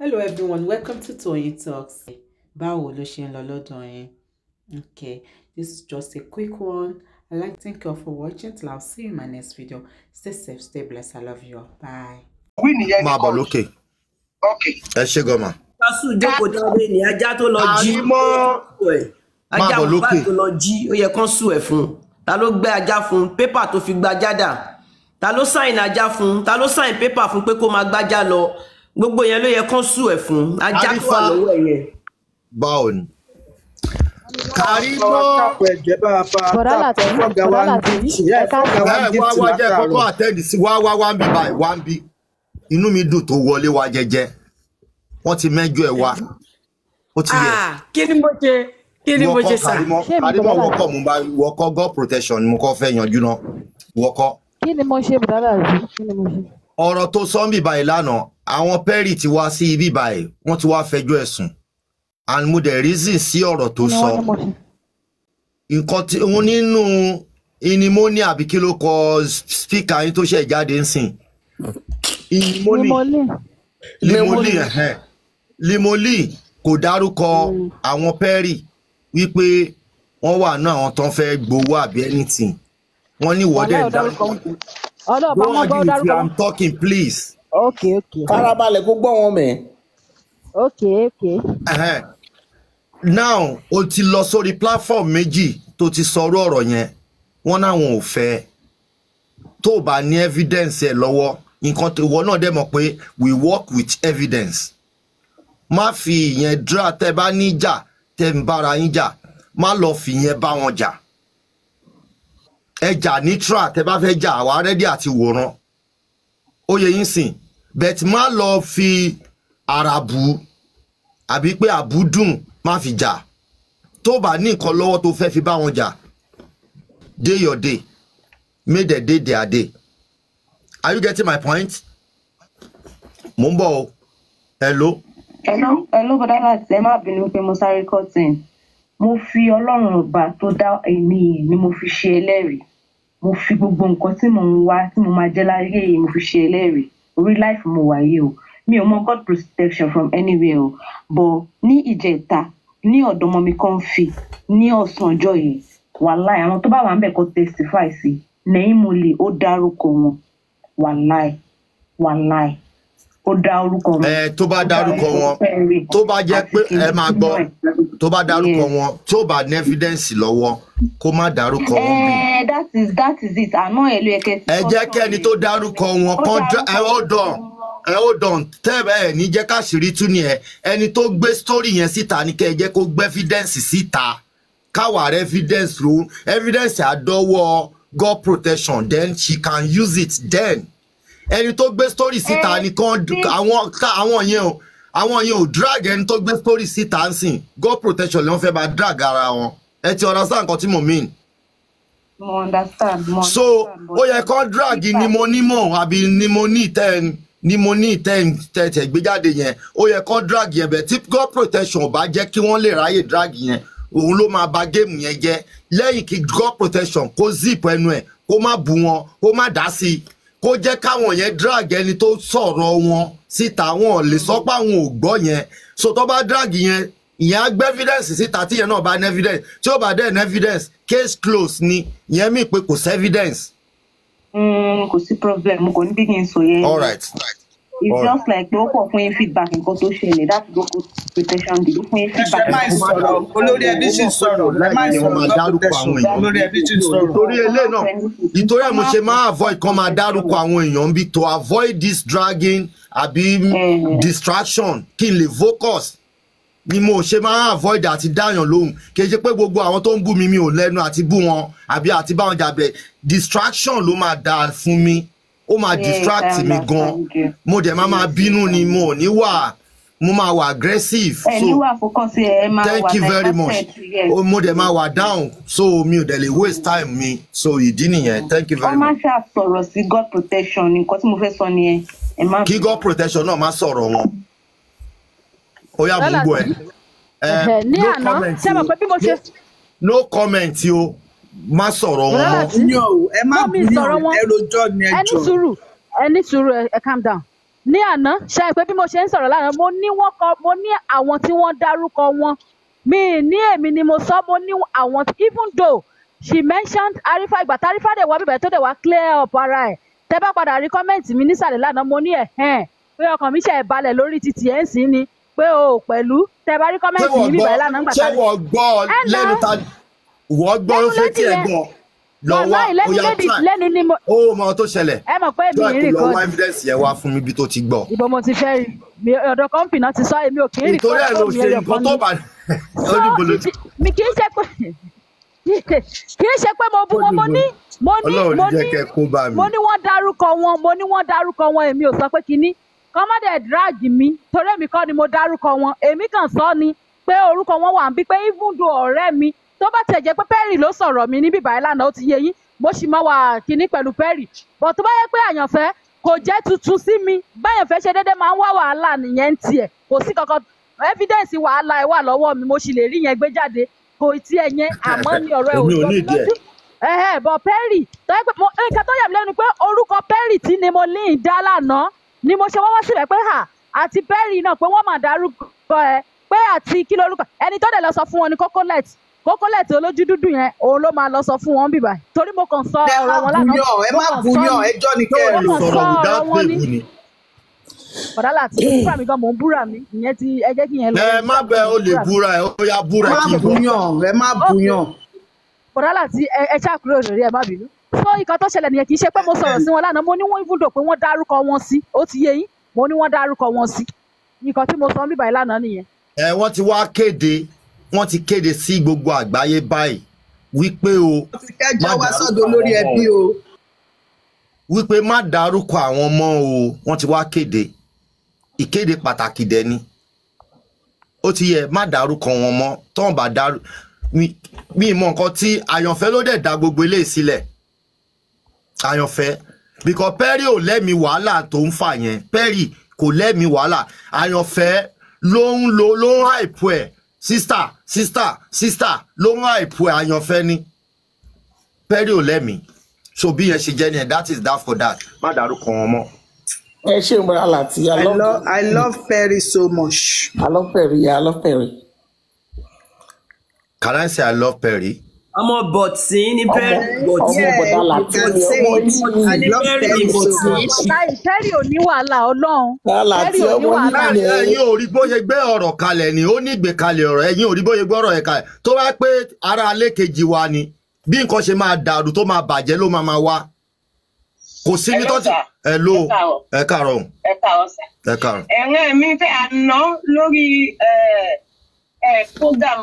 hello everyone welcome to Toyeen Talks báwo ló ṣe ń lọ lọ́dọ̀ yín okay this is just a quick one i like to thank you all for watching till i'll see you in my next video stay safe stay blessed i love you all bye. wí nìyẹn máa bọ̀ lókè ẹ ṣe gọ́mà. kásù jókòó dábẹ́ ni ajá tó lọ jí ajá bàbá tó lọ jí ó yẹ kán sùn ẹ̀ fún un ta ló gbé ajá fún un pépà tó fi gba ajá dà ta ló sáìn ajá fún un ta ló sáìn pépà fún pé kó máa gbájá lọ gbogbo yẹn ló yẹ kán sùn ẹ̀ fún ajá tó wà lọ́wọ́ ẹ̀ yẹn. báwo ni kàrímọ́ bọ̀dá làtẹ̀ bọ̀dá làtẹ̀ ẹ̀ka ẹ̀ wá wá jẹ́ kọ́kọ́ àtẹ́ẹ̀dì sí wá wá wá ń bí báyìí wá ń bí inú mi dùn tó wọlé wa jẹ́jẹ́ wọ́n ti mẹ́jọ ẹ̀ wá ó ti yẹ. Ah, kí ni mo ṣe kí ni mo ṣe sà. kàrímọ́ wọkọ̀ mo bá wọkọ̀ god protection mo kọ́ fẹ́ yanjú náà wọkọ̀. kí ni mo ṣe bọ̀dá làtẹ̀ kí ni mo ṣe. ọ̀rọ̀ tó sọ́ńbì báyìí lánàá àwọn Perry ti wá sí ibi báyìí wọ́n ti wá fẹjọ́ ẹ̀sùn and mo dẹ̀ reason sí ọ̀rọ̀ tó sọ nǹkan tí wọ́n nínú inimoni àbí kí ló kọ speaker yín tó ṣe jáde ń sìn inimoni limoli limoli kò dárúkọ àwọn Perry wípé wọ́n wà náà àwọn tán fẹ́ gbowó àbí anything wọ́n ní ìwọ́dẹ̀ dárúkọ. ọlọ́ọ̀bá wọn bá dárúkọ. go and give me am talking please. Okay, okay. farabalẹ̀ kó gbọ́ wọn mẹ́. Okay, okay. Uh-huh. now o ti lọ sórí platform méjì tó ti sọrú ọ̀rọ̀ yẹn wọ́n náà wọn ò fẹ́ tó o bá ní evidence ẹ̀ lọ́wọ́ nǹkan ìwọ náà dẹ̀ mọ̀ pé we work with evidence má fi ìyẹn dra tẹ bá níjà tẹ ń bára yín jà má lọ fìyẹn bá wọn jà ẹ jà ní tra tẹ bá fẹ́ jà àwa rẹ́dí àti wòran ó yẹ yín sìn bẹ́ẹ̀ má lọ fi ara bù ú àbí pé àbúdùn má fi jà tó bá ní nǹkan lọ́wọ́ tó fẹ́ fi bá wọn jà day your day make their day their day are you getting my point? mo ń bọ̀ o hello. hello hello bọ́dá láti ẹ má bínú pé mo sáré kọ́tìn mo fi ọlọ́run ọba tó dá èmi yìí ni mo fi ṣe ẹlẹ́rìí mo fi gbogbo nǹkan tí mò ń wá tí mo máa jẹ́ láyé yìí mo fi ṣe ẹlẹ́rìí orí life mo wà yìí o mi ò mọ God protection from anywhere o but ní ìjẹta ní ọ̀dọ̀ ọmọ mi kan fi ní ọ̀sán ọjọ́ yìí wàláì àwọn tó bá wà ń bẹ̀ kó testify sí nẹ́yìn mo lè ó dárúkọ wọn wàláì wàláì ó dá orúkọ wọn. ẹ tó bá dárúkọ wọn tó bá jẹ́ pé ẹ máa gbọ́ tó bá dárúkọ wọn tí ó bá ní evidence lọ́wọ́ kó má dárúkọ wọn bí. ẹ that is that is it àmọ́ ẹ ló yẹ kẹ́ ti. ẹ jẹ́ tó dárúkọ wọn kán ẹ ó dàn ẹ ó dàn tẹ́ẹ̀bẹ́ ẹ̀ ní jẹ́ káṣírí tú ni ẹ ẹni tó gbé story yẹn síta ni kẹ́ ẹ jẹ́ kó gbé evidence síta káwa rẹ evidence ro evidence àdọ́wọ́ God protection then she can use it then ẹni tó gbé story síta eh, nìkan eh. àwọn àwọn yẹn o àwọn yẹn ò drag ẹni tó gbé story síta ń sìn god protection ni wọ́n fẹ́ bá drag ara wọn ẹ ti understand nǹkan tí mo mean. so ó yẹ kó drag ni mo nímọ̀ àbí ni mo ní ìtẹ́ni ni mo ní ìtẹ̀tẹ̀ gbéjáde yẹn ó yẹ kó drag yẹn bẹ̀ tí god protection ò bá jẹ́ kí wọ́n lè ráyè drag yẹn òun ló máa ba géèmù yẹn jẹ́ lẹ́yìn kí god protection kó zip ẹnu ẹ̀ kó má bù wọn kó má dá sí i kó jẹ́ káwọn yẹn drag ẹni tó sọ̀rọ̀ wọn síta wọn lè sọ pé àwọn ò gbọ́ yẹn so tó bá drag yẹn ìyẹn á gbé evidence síta tí yẹn náà bá ní evidence tí ó bá dẹ̀ ní evidence case close ni ìyẹn mì pé kò sí evidence. Mm, kò sí problem kò ní bí kí n sòye. all right. All right it's All just like pé ó kọ̀ fún yín feedback nǹkan tó ṣẹlẹ̀ láti gbogbo protection dìbò fún feedback. ẹ sorrow. ń sọ̀rọ̀ olórí ẹbí sì ń sọ̀rọ̀ ẹ máa ń sọ̀rọ̀ dárúkọ àwọn èèyàn olórí ẹbí sì mo ṣe máa avoid kan máa dárúkọ àwọn èèyàn bí to avoid this dragging àbí eh. distraction kí n focus ni mo ṣe máa avoid àti dáyàn lóhùn kì í ṣe pé gbogbo àwọn tó ń bú mi mi ò lẹ́nu àti bú wọn àbí àti báwọn jàbẹ̀ distraction ló máa dáa fún mi ó máa distract mi gan mo dẹ̀ máa máa bínú ni mo ò ní wà mo máa wà aggressive so thank you very much mo dẹ̀ máa wà down so mi ò dẹ̀ lè waste time mi so ìdí nìyẹn thank you very much. ọ ṣe àsọ̀rọ̀ sí god protection nǹkan tí mo fẹ́ sọ nìyẹn. kí god protection náà má sọ̀rọ̀ wọn ó yá mo ẹ. ní àná sábà pé bí mo ṣe. no comment o má sọ̀rọ̀ wọn mọ́ ní o ẹ má bínú ẹ lójọ́ ni ẹ jọ. ẹni sùúrù ẹni sùúrù ẹ calm down ní àná ṣe é pé bí mo ṣe ń sọ̀rọ̀ lánàá mo ní wọ́n kọ mo ní àwọn tí wọ́n dárúkọ wọn mi ní èmi ni mo sọ mo ní àwọn even though she mentioned Arifa ìgbà tarifa dẹ̀ wá bíbẹ̀ tó dẹ̀ wá clear up ara ẹ̀ tẹ́ bá padà rí kọ́mẹ́ǹtì mi nísàlẹ̀ lánàá mo ní ẹ̀hẹ́n pé ọkàn mi ṣe é balẹ̀ lórí titi ẹ̀ ń sìn ni pé o pẹ̀lú tẹ́ bá rí kọ́mẹ́ǹtì mi bíbẹ̀ lánàá ń gbà tán. ṣé wọ́n gbọ́ lẹ́nu ta wọ́n gbọ́ fetí ẹ̀ gbọ́ lọ́wọ́ ó yà tán ó mọ tó ṣẹlẹ̀ tó ẹ̀ kò lọ́wọ́ evidence yẹn wá fún mi bí tó ti gbọ́. ìbò mo ti fẹ́ rí ọ̀dọ̀ kọ́ńpì náà ti sọ èmi ò kì í rí kọ́ mi ẹ̀yọ̀ kan ní. mi kì í ṣe pé kì í ṣe pé mo bú wọn mo ní mo ní mo ní mo ní wọ́n dárúkọ wọn mo ní wọ́n dárúkọ wọn èmi ò sọ pé kinní kọ́mọ́dé drag mi torí èmi kọ́ ni mo dárúkọ wọn èmi kàn sọ ni pé orúkọ wọn wà ń bí pé even though ọ̀rẹ́ mi tó bá tiẹ̀ jẹ́ pé Perry ló sọ̀rọ̀ mi níbí báyìí lánàá ó ti yé yín mo sì mọ wà kínní pẹ̀lú Perry bọ̀ tó bá yẹ pé àyànfẹ́ kò jẹ́ tuntun sí mi báyànfẹ́ ṣe déédéé máa ń wá wàhálà nìyẹn tiẹ̀ kò sí kankan evidence wàhálà ẹ wà lọ́wọ́ mi mo sì lè rí yẹn gbé jáde kò tí ẹ yẹn àmọ́ ní ọ̀rọ̀ ẹ ò jọ bọ̀ Perry nǹkan tó yà lẹ́nu pé orúkọ Perry tí ni mo ní ìdá lánàá ni mo ṣe wọ́wọ́ síbẹ̀ pé hà àti Perry náà pé wọ́n mà dárúkọ ẹ pé àti kí lórúkọ ẹni tó dẹ̀ lọ sọ fún wọn ni coconut kókólẹ̀tì olójú dúdú yẹn òun ló máa lọ sọ fún wọn bíbá torí mo kàn sọ ọ̀rọ̀ wọn lánàá ẹ má gúnyàn ẹjọ́ ni kẹ́ ẹ lè sọ̀rọ̀ without babe ni. ọ̀dàlà àti búra mi gan mò ń búra mi ìyẹn ti ẹ jẹ́ kí yẹn lọ. ẹ má bẹ o lè búra ẹ ó yá búra kí n bọ. ẹ má gúnyàn ọ̀dàlà àti ẹ ṣàkúrò lórí ẹ má bínú. fún nǹkan tó ṣẹlẹ̀ nìyẹn kì í ṣe pé mo sọ̀rọ̀ sí wọn lánàá mo ní wọ́n ibùdó pé wọ́n dárúkọ wọn sí ó ti yé yín mo ní wọ́n dárúkọ wọn sí nǹkan tí mo sọ ń bíbá ìlànà nìyẹn. ẹ wọ́n ti wá kéde wọ́n ti kéde sí gbogbo àgbáyé báyìí wípé o má dárúkọ àwọn wípé má dárúkọ àwọn ọmọ o wọ́n ti wá kéde ìkéde pàtàkì dẹ̀ ni ó ti yẹ má dárúkọ wọn mọ́ tọ́wọ́n bá dárú mi mọ̀ nǹkan tí àyànfẹ́ ló dẹ̀ dá gbogbo ilé sílẹ̀ àyànfẹ́ because perry ò lẹ́mi wàhálà tó ń fà yẹn perry kò lẹ́mi wàhálà àyànfẹ́ ló ń lo ló ń hàìpù ẹ̀ sísítà sísítà sísítà ló ń àìpò àyànfẹ́ ni pẹ́rì ò lẹ́mìí so bí yẹn ṣe jẹ́ ni that is that for that má dárúkọ wọn mọ́. ẹ ṣe ń bọ̀rọ̀ àlàtì i love i love perry so much. i love perry i love perry. can i say i love perry ọmọ bọ̀tín ní bẹ́ẹ̀rì bọ̀tín ní bẹ́ẹ̀rì bọ̀tín. tẹ́rì ò ní wàhálà ọlọ́run tẹ́rì ò ní wàhálà. ẹ̀yin ò rí bó ṣe gbé ọ̀rọ̀ kalẹ̀ ni ó ní ìgbékalẹ̀ ọ̀rọ̀ ẹ̀yin ò rí bó gbé ọ̀rọ̀ yẹn kalẹ̀ tó bá pé ara alẹ́ kejì wa ni bí nǹkan ṣe máa dàrú tó máa bàjẹ́ ló máa máa wá kò sí ní tọ́tí ẹ ló ẹ kàrọ̀ ẹ kàrọ̀ ẹ kàrọ̀. ẹ̀rọ mi fẹ́ àná lórí program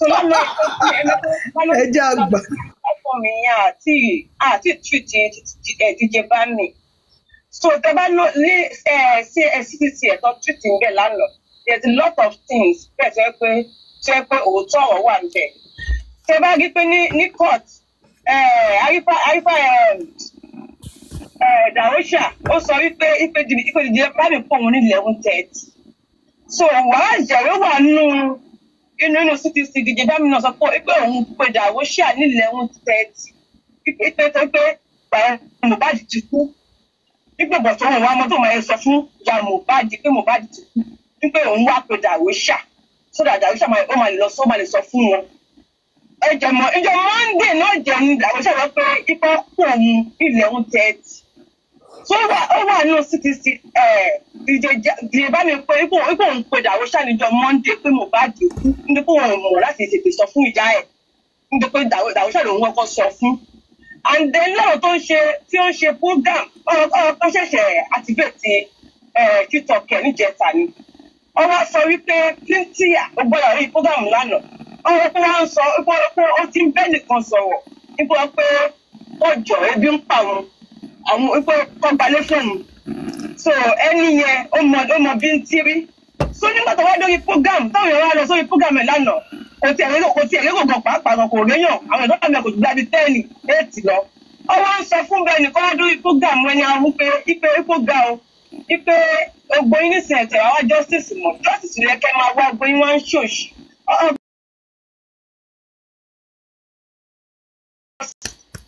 ẹjẹ àgbà ọkọ mi yẹn àti àti tìrìtì jíjẹ bá mi so tẹ́bá ló ní CCC ẹ̀tọ́ tìrìtì ń bẹ̀ lánàá there's a lot of things bẹ́ẹ̀ tó yẹ pé tó yẹ pé òótọ́ ọ̀rọ̀ wà ń bẹ̀ tẹ́bá rí pé ní ní court àrífà àrífà dàwọ́ṣà ó sọ wípé ipe jìbìtì bá mi fún òun ní eleven thirty so wàá jẹ̀rọ wà nù inú inú ctc gidi dámínà sọ pé pé òun padà ó ṣà nílẹ̀ òun tẹ̀ẹ̀tì pípé tó pé bàrẹ̀ Mohbad ti kú nígbàgbà tó ń wá mọ́tò máa sọ fún ìyá Mohbad pé Mohbad ti kú wípé òun wá padà ó ṣà sódà àdàrú ṣàmà ó máa lọ sọ máa lè sọ fún wọn. ẹjẹ mọ ìjọ Monday náà jẹun làwọn ṣàlọ pé ipá kú òun ilẹ̀ òun tẹ̀ẹ̀tì so ó wà ní oṣù kìsì ìjẹ bá mi pé ipò ipò òun pe ìdàwó ṣàníjọ monday pé mo bá dé kú nípò òun mọ̀ láti tètè sọ fún ìyá ẹ̀ nítorí pé ìdàwó ṣàníjọ òun kọ́kọ́ sọ fún and then náà tó ń ṣe tí ó ń ṣe program ọkọ ṣẹ̀ṣẹ̀ activate tiktok ẹ̀ níjẹta ni wọ́n wá sọ wípé plenty ọgbọ́dọ̀ rí program lánàá wọ́n wọ́n pé wọ́n ń sọ pé ó ti ń bẹ́ẹ̀ nìkan sọ̀rọ̀ nípa pé ó jọ ebi ń pa òun àwọn pé kọ́ gbalẹ̀ fóònù so ẹni yẹn ó mọ ó mọ bí ń tírí so nígbà tó wá lórí program táwọn èèyàn wá lọ sórí program ẹ̀ lánàá kò tiẹ̀ lé kò tiẹ̀ lé kò gan pàápàá gan kò réyàn àwọn ìdọ́gba mi kò ju bíi tẹ́ẹ̀nì éètì lọ ọwọ́ ń sọ fún bẹ́ẹ̀ nìkan wá lórí program ẹni àwọn pé ipe ipo ga o ipe ogbo yín nísìnyí ẹ̀tẹ̀ wá justice mọ̀ justice yẹ kẹ́ máa wá ogbo yín wá ń ṣòṣì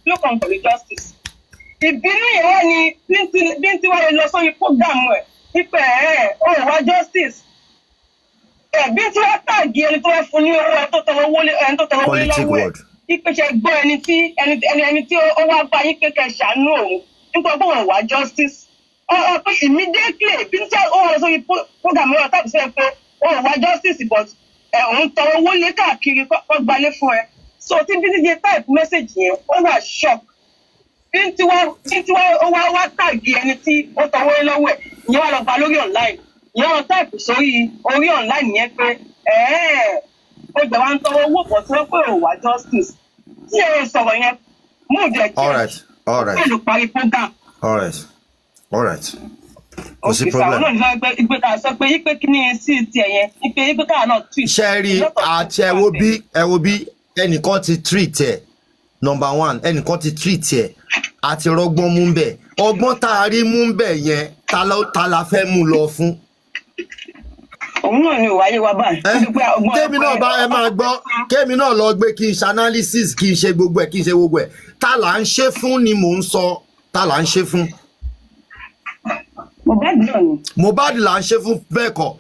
ló kàn pẹ̀lú justice ìbínú yẹn wà ní bíntín wáyé lọ sórí fúgàmù ẹ̀ ipa ẹ̀ ọ̀wá justice bíntín wá tàgé ẹni tó wá fún ní owó ẹni tó tọrọ owó ẹni ìpèsè gbọ́ ẹni tí ẹni tí ó wá bá yín kékeré ṣàánú òun nípa ọgbọ́n ọ̀wá justice ọ̀pọ̀ immediately bíntín ó wà lọ sórí fúgàmù ẹ̀ tàbí sẹ́yìn pé ọ̀wá justice but òun tọrọ owó lé káàkiri kọ́ fún ẹ so tí bíntín yẹ type message yẹn ó wà shock títí wá títí wá tàgì ẹni tí ó sanwó lọ́wọ́ ẹ̀ ìyẹn wà lọ gba lórí online ìyẹn wọn táàpù sórí orí online yẹn pé ẹ̀ẹ́ ó gbà wá ń tọwọ́ owó pọ̀ tí wọ́n pè ó wá justice tí ẹ sọ̀rọ̀ yẹn mú jẹ́ kí pẹ̀lú parí program. all right all right kò sí problem. òkè fàwọn náà ìgbé ká sọ pé ipe kí ni sí tiẹ̀ yẹn ipe ipe káà náà tweet. ṣe rí àti ẹ bí ẹnìkan ti treat ẹ number one ẹnìkan ti treat ẹ̀ àti rọgbọ́n mú bẹ̀ ọgbọ́n tá a rí mú bẹ̀ yẹn ta la fẹ́ mú lọ fún. òun náà ni òwáyé wa bá. kémi náà bá ẹ máa gbọ́ kémi náà lọ gbé kí n ṣe analysis kí n ṣe gbogbo ẹ̀ kí n ṣe gbogbo ẹ̀ ta là ń ṣe fún ni mò ń sọ ta là ń ṣe fún. Mohbad náà ni. Mohbad là ń ṣe fún bẹ́ẹ̀kọ̀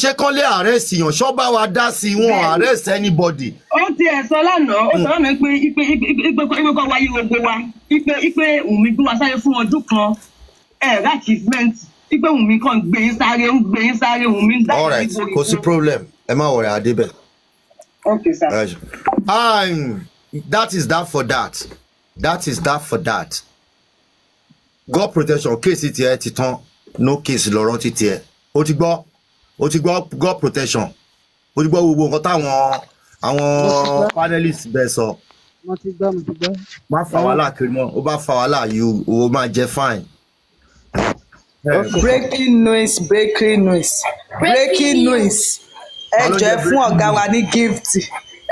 ṣe kánlé àrẹ́sì yàn ṣọ́ba wa dá sí wọn àrẹ́sì anybody. ó ti ẹ̀ sọ lánàá ó sọ mi pé ipe ipe kọ́ wáyé gbogbo wa ipe ipe Wùmí gbé wa sáré fún ọdún kan ẹ̀ achievement ipe Wùmí kan gbé yín sáré ń gbé yín sáré Wùmí dá sí gbogbo. kò sí problem ẹ má wọrẹ adébẹ. okay sir. Um, that is that for that that is that for that God protection kéèsì tiẹ̀ ti tán no case lọ́rọ̀ títí ẹ̀ ó ti gbọ́ ó ti gbọ́ god protection ó ti gbọ́ gbogbo nǹkan táwọn àwọn panelists bẹ́ẹ̀ sọ. mo ti gbọ́ mo ti gbọ́. má fa wàhálà kiri mọ́ ó bá fa wàhálà yìí o máa jẹ fine. breaking noise breaking noise breaking noise ẹ jọ ẹ fún ọ̀gá wa ní gift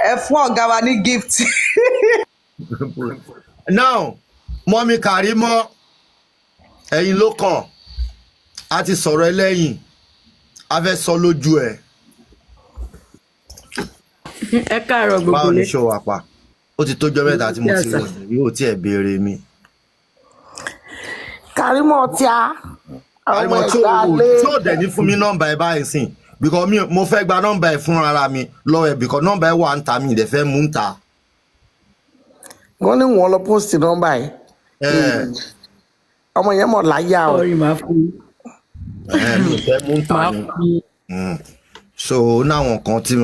ẹ fún ọ̀gá wa ní gift. now mọ́mí kàrí mọ́ ẹ̀yin ló kàn a ti sọ̀rọ̀ ẹlẹ́yìn a fẹ́ sọ lójú ẹ̀. ẹ káàárọ̀ gbogbo lé. báwo ni ṣòwò àpà ó ti tójọ́ mẹ́ta tí mo ti rẹ̀ yóò tiẹ̀ béèrè mi. Karimo tí a. Karimo tí o tí o dẹ̀ ní fún mi nọ́mbà ẹ báyìí sìn because mi mo fẹ́ gba nọ́mbà ẹ fún ara mi lọ́wọ́ ẹ because nọ́mbà ẹ wà ń ta mi ìdẹ̀ fẹ́ mú ń ta. wọ́n ní wọ́n lọ post nọ́mbà ẹ̀ ọmọ yẹn mọ̀ láyà o fẹ́ mú tàyàn hmm. so náwọn kan tí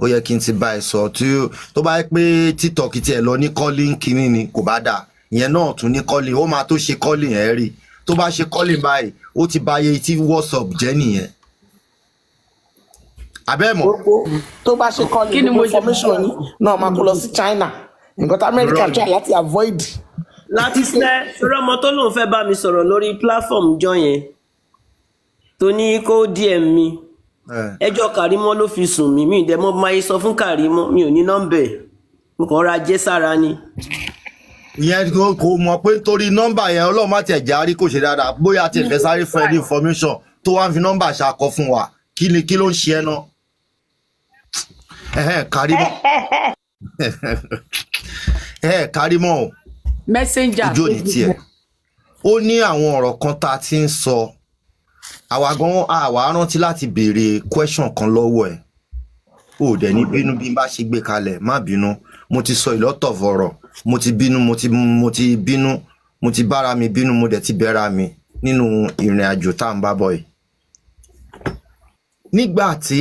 ó yẹ kí n ti bá ẹ sọ tí tó bá yẹ pé tiktok tiẹ̀ lọ ní kọ́lí kínní ni kò bá dáa ìyẹn náà tún ní calling ó máa tó ṣe calling yẹn rí tó bá ṣe kọ́lí báyìí ó ti ba iye tí whatsapp jẹ́ nìyẹn abẹ́ mọ̀. tó bá ṣe kọ́lí gbogbo information yìí náà máa kó lọ sí China nǹkan tá Amẹ́ríkà try láti avoid. láti sinẹ́ sọ́rọ́ ọmọ tó lóun fẹ́ bá mi sọ̀rọ̀ lórí platform jọ yẹn tó ní kó díẹ̀ mi ẹjọ́ kàrímọ́ ló fi sùn mí mi ìdẹ́mọ́ máa sọ fún kàrímọ́ mi ò ní nọ́mbẹ̀ mo kàn ra jẹ́ sára ni. ìyẹn kò mọ̀ pé torí nọ́mbà yẹn ọlọ́run má tiẹ̀ járí kò ṣe dáadáa bóyá tiẹ̀ fẹ́ sáré fún ẹ ní information tó wá ń fi nọ́mbà ṣàkọ fún wa kí ni kí ló ń ṣe ẹ náà. kàrímọ́ kàrímọ́ o. messenger ni tiẹ̀ ó ní àwọn ọ̀rọ̀ kan tá a ti ń sọ. So àwa gan àwa rántí láti béèrè question kan lọ́wọ́ ẹ̀ ò dẹ̀ ní bínú bí n bá ṣe gbé kalẹ̀ má bínú mo ti sọ ìlọ́tọ̀ fọ̀rọ̀ mo ti bínú mo ti mo ti bínú mo ti bára mi bínú mo dẹ̀ ti bẹ́ra mi nínú ìrìn àjò tá à bá bọ̀ yìí. nígbà tí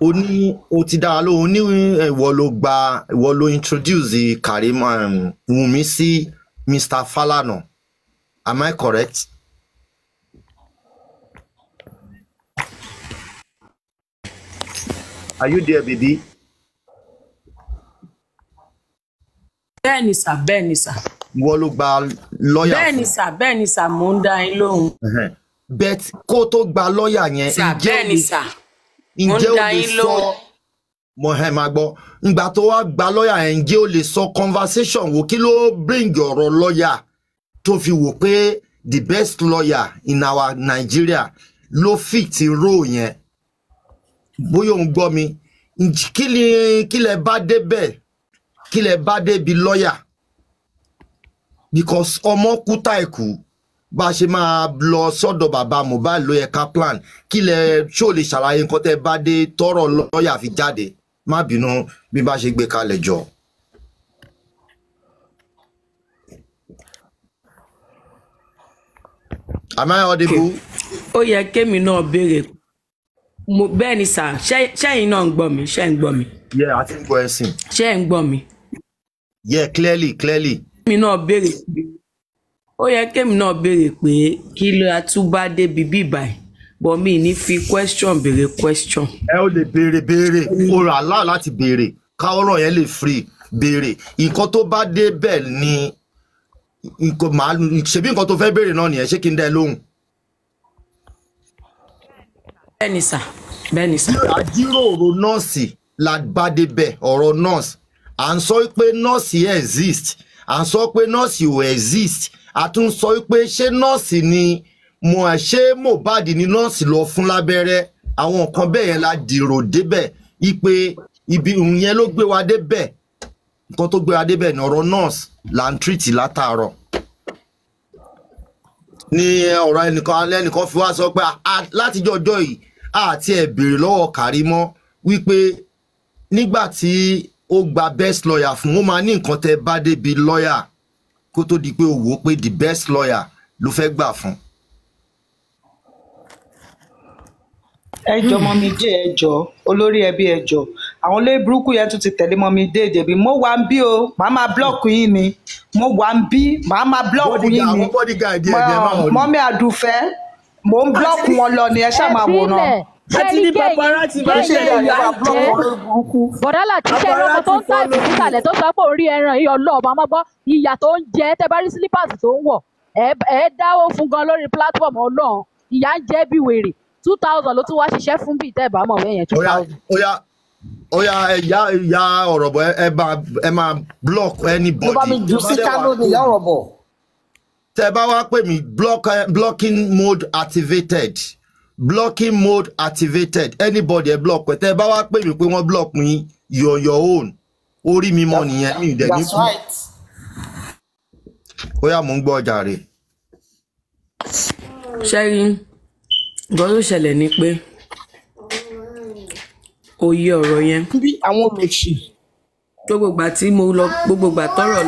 o ní o ti dára lóhun ní ìwọ ló gba ìwọ ló introduce Karim um, Wunmi sí Mr. Falana am I correct? Are you there, baby? Bẹ́ẹ̀ni sà, bẹ́ẹ̀ni sà. Wọ́n ló gba lọ́ọ̀yà fún. Bẹ́ẹ̀ni sà, bẹ́ẹ̀ni sà, mò ń dá yín lóhùn. Bet kó tó gba lọ́ọ̀yà yẹn, ǹjẹ́ o Mo sọ Mohem Agbo, ìgbà tó wá gba lọ́ọ̀yà yẹn, ǹjẹ́ o lè sọ conversation wo kí ló bring ọ̀rọ̀ lọ́ọ̀yà tó fi wò pé the best lawyer in our Nigeria ló fit role yẹn bóyá òun gbọ́ mi kí ni kí lẹ bá débẹ̀ kí lẹ bá débi lọ́yà because ọmọ kú tá bá a ṣe máa lọ sọ́dọ̀ bàbá Mohbad ló yẹ kí lẹ ṣó lè ṣàlàyé nǹkan tẹ́ bá dé tọrọ lọ́yà fi jáde má bínú bí bá ṣe gbé kalẹ̀ jọ. am I ó yẹ kémi náà béèrè mo bẹ́ẹ̀ ni sà ṣẹ́yìn náà ń gbọ́ mi ṣẹ́ ń gbọ́ mi. yẹ a ti ń gbọ́ ẹ̀sìn. gbọ́ mi. yẹ clearly clearly. mi náà béèrè pé ó yẹ kémi náà béèrè pé kí ló a tún bá débi bí báyìí bọ̀ mi ní fi question béèrè question. ẹ ó lè béèrè béèrè ó rà á láà láti béèrè káwọ́rọ̀ yẹn lè free béèrè nǹkan tó bá dé bẹ́ẹ̀ ni ṣebí nǹkan tó fẹ́ béèrè náà nìyẹn ṣé kí n dá lóhùn bẹ́ẹ̀ni sà bẹ́ẹ̀ni sà. àjíròrò nọ́ọ̀sì la bá débẹ̀ ọ̀rọ̀ nọ́ọ̀sì à ń sọ pé nọ́ọ̀sì exist à ń sọ pé nọ́ọ̀sì ò exist a tún sọ pé ṣé nọ́ọ̀sì ni mo ṣe Mohbad ni nọ́ọ̀sì lọ fún lábẹ́rẹ́ àwọn nǹkan bẹ́ẹ̀ yẹn la dìrò débẹ̀ ipe ibi ìyẹn ló gbé wa débẹ̀ nǹkan tó gbé wa débẹ̀ ni ọ̀rọ̀ nọ́ọ̀sì là ń tírìtì látàárọ̀ ni ọ̀rọ̀ ẹnìkan alẹ́ ẹnìkan fi wá sọ pé látijọ́ ọjọ́ yìí àti ẹ̀ béèrè lọ́wọ́ Kàrímọ́ wípé nígbà tí ó gba best lawyer fún ó máa ní nǹkan tẹ bá débi lawyer kó tó di pé ó wò ó pé the best lawyer ló fẹ́ gbà fún. ẹ jọ Mọ́mídé ẹ jọ olórí ẹbí ẹ jọ àwọn olórí burúkú yẹn tún ti tẹ̀lé Mọ́mídé débi mo wà ń bí o màá máa blọọkù yín ni mo wà ń bí màá máa blọọkù yín ni mọ́mí àdùfẹ́ mò ń blọọkù wọn lọ ni ẹ ṣáà máa wòran àti ní babara ti bá ṣe ìyá burúkú. bọ̀dálà ti ṣe ẹran kan tó ń táìpù sísàlẹ̀ tó sọ pé òun rí ẹran yìí ọlọ́ọ̀bà máa gbọ́ ìyà tó ń jẹ tẹ bá rí sílípàsì tó ń wọ̀ ẹ dáwó fún gan lórí platform ọlọ́run ìyà ń jẹ́ bí wèrè two thousand ló tún wá ṣiṣẹ́ fún bíi tẹ́ ẹ̀ bá mọ̀ bẹ́ẹ̀ yẹn two thousand. ó yá ẹ̀yà ẹ̀yà ọ̀rọ̀bọ̀ ẹ máa block anybody. ló bá mi jù sí kánò ní ìyá ọ̀rọ̀bọ̀ tẹ bá wá pè mí eh, blocking mode activated blocking mode activated anybody ẹ block ẹ tẹ bá wá pè mí pé wọ́n block mi your your own orí mi mọ nìyẹn mi ì dẹ̀ ní kú bóyá mò ń gbọ́ ọjà rè. ṣẹ́rí nǹkan tó ṣẹlẹ̀ ni pé òye ọ̀rọ̀ yẹn. bí àwọn olùsì. gbogbo ìgbà tí mo lọ gbogbo ìgbà tọrọ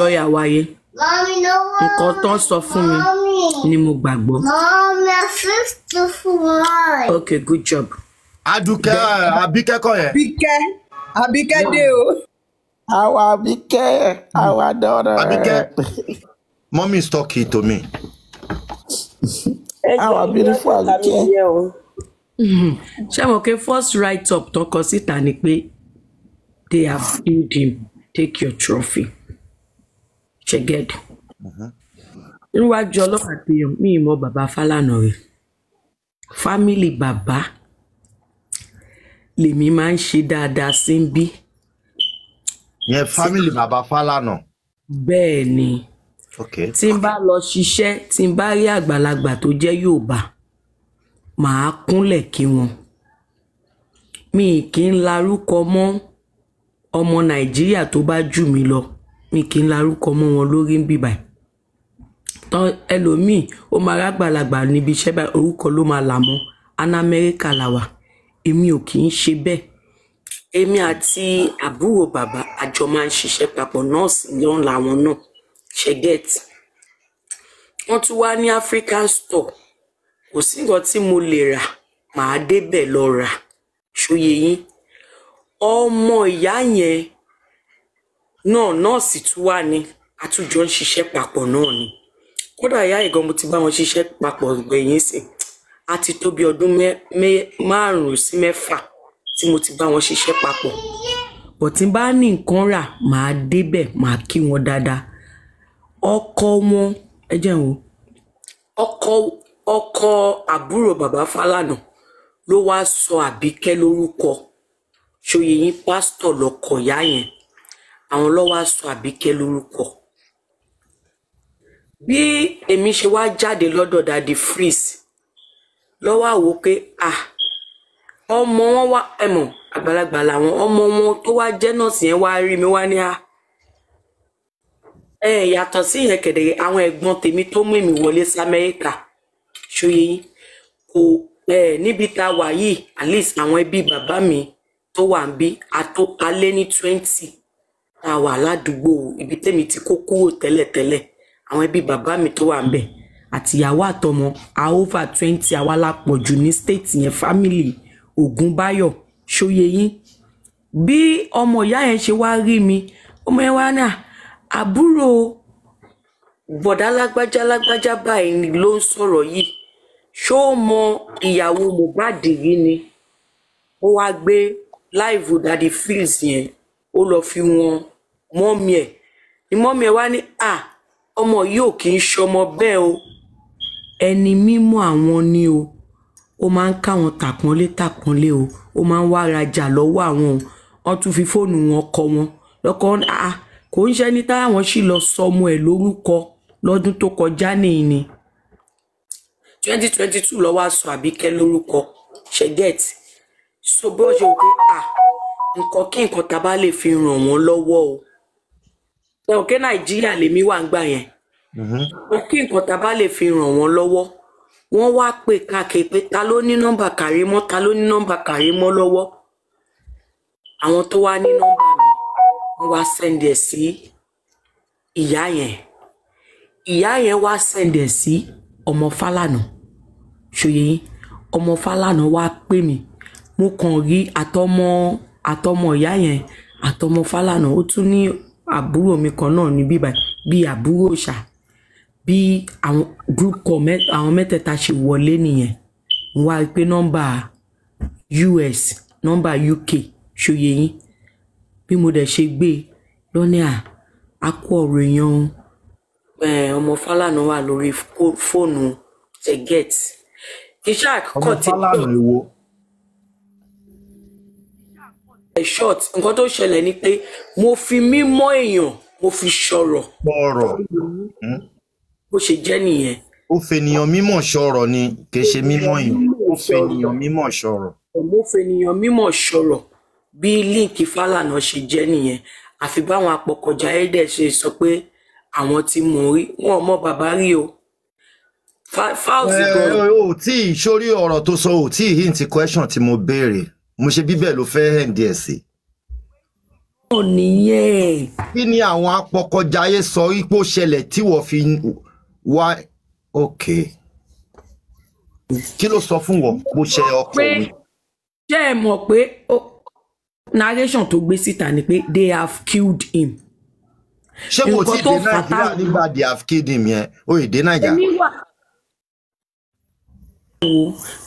lọ́ọ̀yà wáyé nǹkan tó ń sọ fún mi ni mo gbàgbọ́. mọ̀ọ́mí ok good job. adúkẹ́ àbíkẹ́ kọ́ yẹn. àbíkẹ́ àbíkẹ́ dé o. àwa àbíkẹ́ àwa dọ́rọ̀ rẹ̀. àbíkẹ́ mommy is talking to me. àwa beautiful àbíkẹ́. ṣé mo ké first write up tọkọ síta ni pé they have filled him take your trophy ṣẹgẹdì mm-hmm. níwájú ọlọ́pàá pé mi ìmọ̀ bàbá Fálànà rẹ̀ fámìlì bàbá lèmi máa ń ṣe dáadáa sí ń bí. yẹn fámìlì bàbá Fálànà. bẹ́ẹ̀ ni tí n bá lọ ṣiṣẹ́ tí n bá rí àgbàlagbà tó jẹ́ Yorùbá màá kúnlẹ̀ kí wọn mi kì í larúkọ mọ́ ọmọ Nàìjíríà tó bá jù mí lọ mi kì í larúkọ mọ́ wọn lórí ń bìbà tán ẹlòmíì ó máa rágbàlagbà níbi iṣẹ́ báyìí orúkọ ló máa là mọ́ an amẹ́ríkà làwà èmi ò kì í ṣe bẹ́ẹ̀ èmi àti àbúrò bàbá àjọ máa ń ṣiṣẹ́ papọ̀ nọ́ọ̀sì lọ́n làwọn náà ṣẹ́gẹ́ẹ̀tì wọ́n tún wá ní african store kò sí nǹkan tí mo lè rà màá débẹ̀ lọ rà ṣóyeyín ọmọ ìyá yẹn náà nọ́ọ̀sì tún wà ní àtújọ ń ṣiṣẹ́ papọ̀ náà ni kódà ìyá ìgan mo ti bá wọn ṣiṣẹ́ papọ̀ gbẹ̀yìn sí a ti tó bí ọdún márùn-ún sí mẹ́fà tí mo ti bá wọn ṣiṣẹ́ papọ̀ bó tí bá ní nǹkan rà màá débẹ̀ màá kí wọn dáadáa ọkọ wọn ẹ jẹun ọkọ ọkọ àbúrò bàbá Fálànà ló wáá sọ Àbíkẹ́ lórúkọ ṣòyẹyìn pásítọ̀ lọkọ ìyá yẹn àwọn lọ́wọ́ sọ àbíkẹ́ lórúkọ bí èmi ṣe wá jáde lọ́dọ̀ dadi freeze lọ́wọ́ àwò pé ah, ọmọ wọn wá ẹmọ àgbàlagbà làwọn ọmọ wọn tó wá jẹ́ nọ́ọ̀sì yẹn wá rí mi wá ní à ah, ẹ yàtọ̀ sí ìyẹn kẹ̀dẹ̀ àwọn ẹ̀gbọ́n tèmi tó mú èmi wọlé sí amẹ́ríkà ṣòye yìí kò ẹ níbi tá a wà yìí at least àwọn ẹbí bàbá mi tó wà ń bí àtó alẹ́ ní twenty tá a wà ládùúgbò ibi tẹ́mi ti kó kúrò tẹ́lẹ̀tẹ́lẹ̀ àwọn ẹbí bàbá mi tó wà ń bẹ̀ àtìyàwó àtọmọ a over twenty àwa la pọ̀ jù ní state yẹn family Ògúnbáyọ̀ Ṣóyeyín bí ọmọ ìyá yẹn ṣe wá rí mi ọmọ yẹn wá náà àbúrò bọ̀dá lágbájá lágbájá báyìí ni ló ń sọ̀rọ̀ yìí ṣó mọ ìyàwó Mohbad yìí ni ó wá gbé láìvù dadi fields yẹn ó lọ fi wọn mọ́mí ẹ̀ ni mọ́mí ẹ̀ wá ní à ọmọ yóò kì í ṣọmọ bẹ́ẹ̀ o ẹni mímọ́ àwọn ni o ó máa ń káwọn tàpọ́nlé tàpọ́nlé o ó máa ń wá rajà lọ́wọ́ àwọn o wọ́n tún fi fóònù wọn kọ wọn lọ́kọ́ à kò ń ṣẹ́ni táwọn sì lọ sọmọ ẹ̀ lórúkọ lọ́dún tó kọjá nìyí ni twenty twenty two lọ́wọ́ aṣọ àbíkẹ́ lórúkọ ṣẹ́gẹ́t so bí wọ́n ṣe wò pé à nǹkan kí nǹkan tá a bá lè fi ràn wọ́n lọ́wọ́ o ẹ̀wọ̀n ké nàìjíríà lèmi wà ń gbà yẹn ó mm-hmm. kí nǹkan tá a bá lè fi ràn wọ́n lọ́wọ́ wọ́n wá pè káàkiri pé ta ló ní nọ́mbà Kàrímọ́ ta ló ní nọ́mbà Kàrímọ́ lọ́wọ́ àwọn tó wá ní nọ́mbà mi wọ́n wá sẹ́ndẹ̀ sí ìyá yẹn ìyá yẹn wá sẹ́ndẹ̀ sí ọmọ Fálànà ṣòye ọmọ Fálànà wá pè mí mo kàn rí àtọmọ àtọmọ ìyá yẹn àtọmọ Fálànà ó tún ní àbúrò mi kan náà ní bíbá bíi àbúrò ṣá bí àwọn group call àwọn mẹ́tẹ̀ẹ̀ta ṣe wọlé nìyẹn ń wá pé nọ́mbà US nọ́mbà UK ṣòye yín bí mo dẹ̀ ṣe gbé e, lọ́nà à á kó ọ̀rọ̀ èèyàn ọmọ Fálànà wà lórí fóònù the get. ọmọ Fálànà ìwo in short nǹkan tó ṣẹlẹ̀ ni pé mo fi mímọ́ èèyàn mo fi ṣọ̀rọ̀. ọ̀rọ̀ hmm? bó ṣe jẹ́ nìyẹn. ó fènìyàn mímọ̀ ṣọ̀rọ̀ ni kì í ṣe mímọ̀ èèyàn ó fènìyàn mímọ̀ ṣọ̀rọ̀. mo fènìyàn mímọ̀ ṣọ̀rọ̀ bí líǹkì Fálànà ṣe jẹ́ nìyẹn àfi báwọn apọkọjà ẹdẹ ṣe sọ pé àwọn tí mò ń rí wọn ò mọ bàbá rí o. fáwọsì gan. ẹ ẹ o tí ì sórí ọ̀rọ̀ tó sọ ò tí ì hint question tí mo béèrè mo ṣe bí bẹ́ẹ̀ ló fẹ́ hẹ̀ǹdí ẹ̀ sí. kí ni àwọn apọkọjáyé sọ ipò ṣẹlẹ̀ tí wọ́n fi wá òkè kí ló sọ fún wọn mo ṣe ọkọ mi. ṣé ẹ mọ̀ pé narration tó gbé síta ni pé they have killed him ṣé kò tí ì dé nàìjíríà nígbà they have killed him yẹn ó ì dé nàìjà.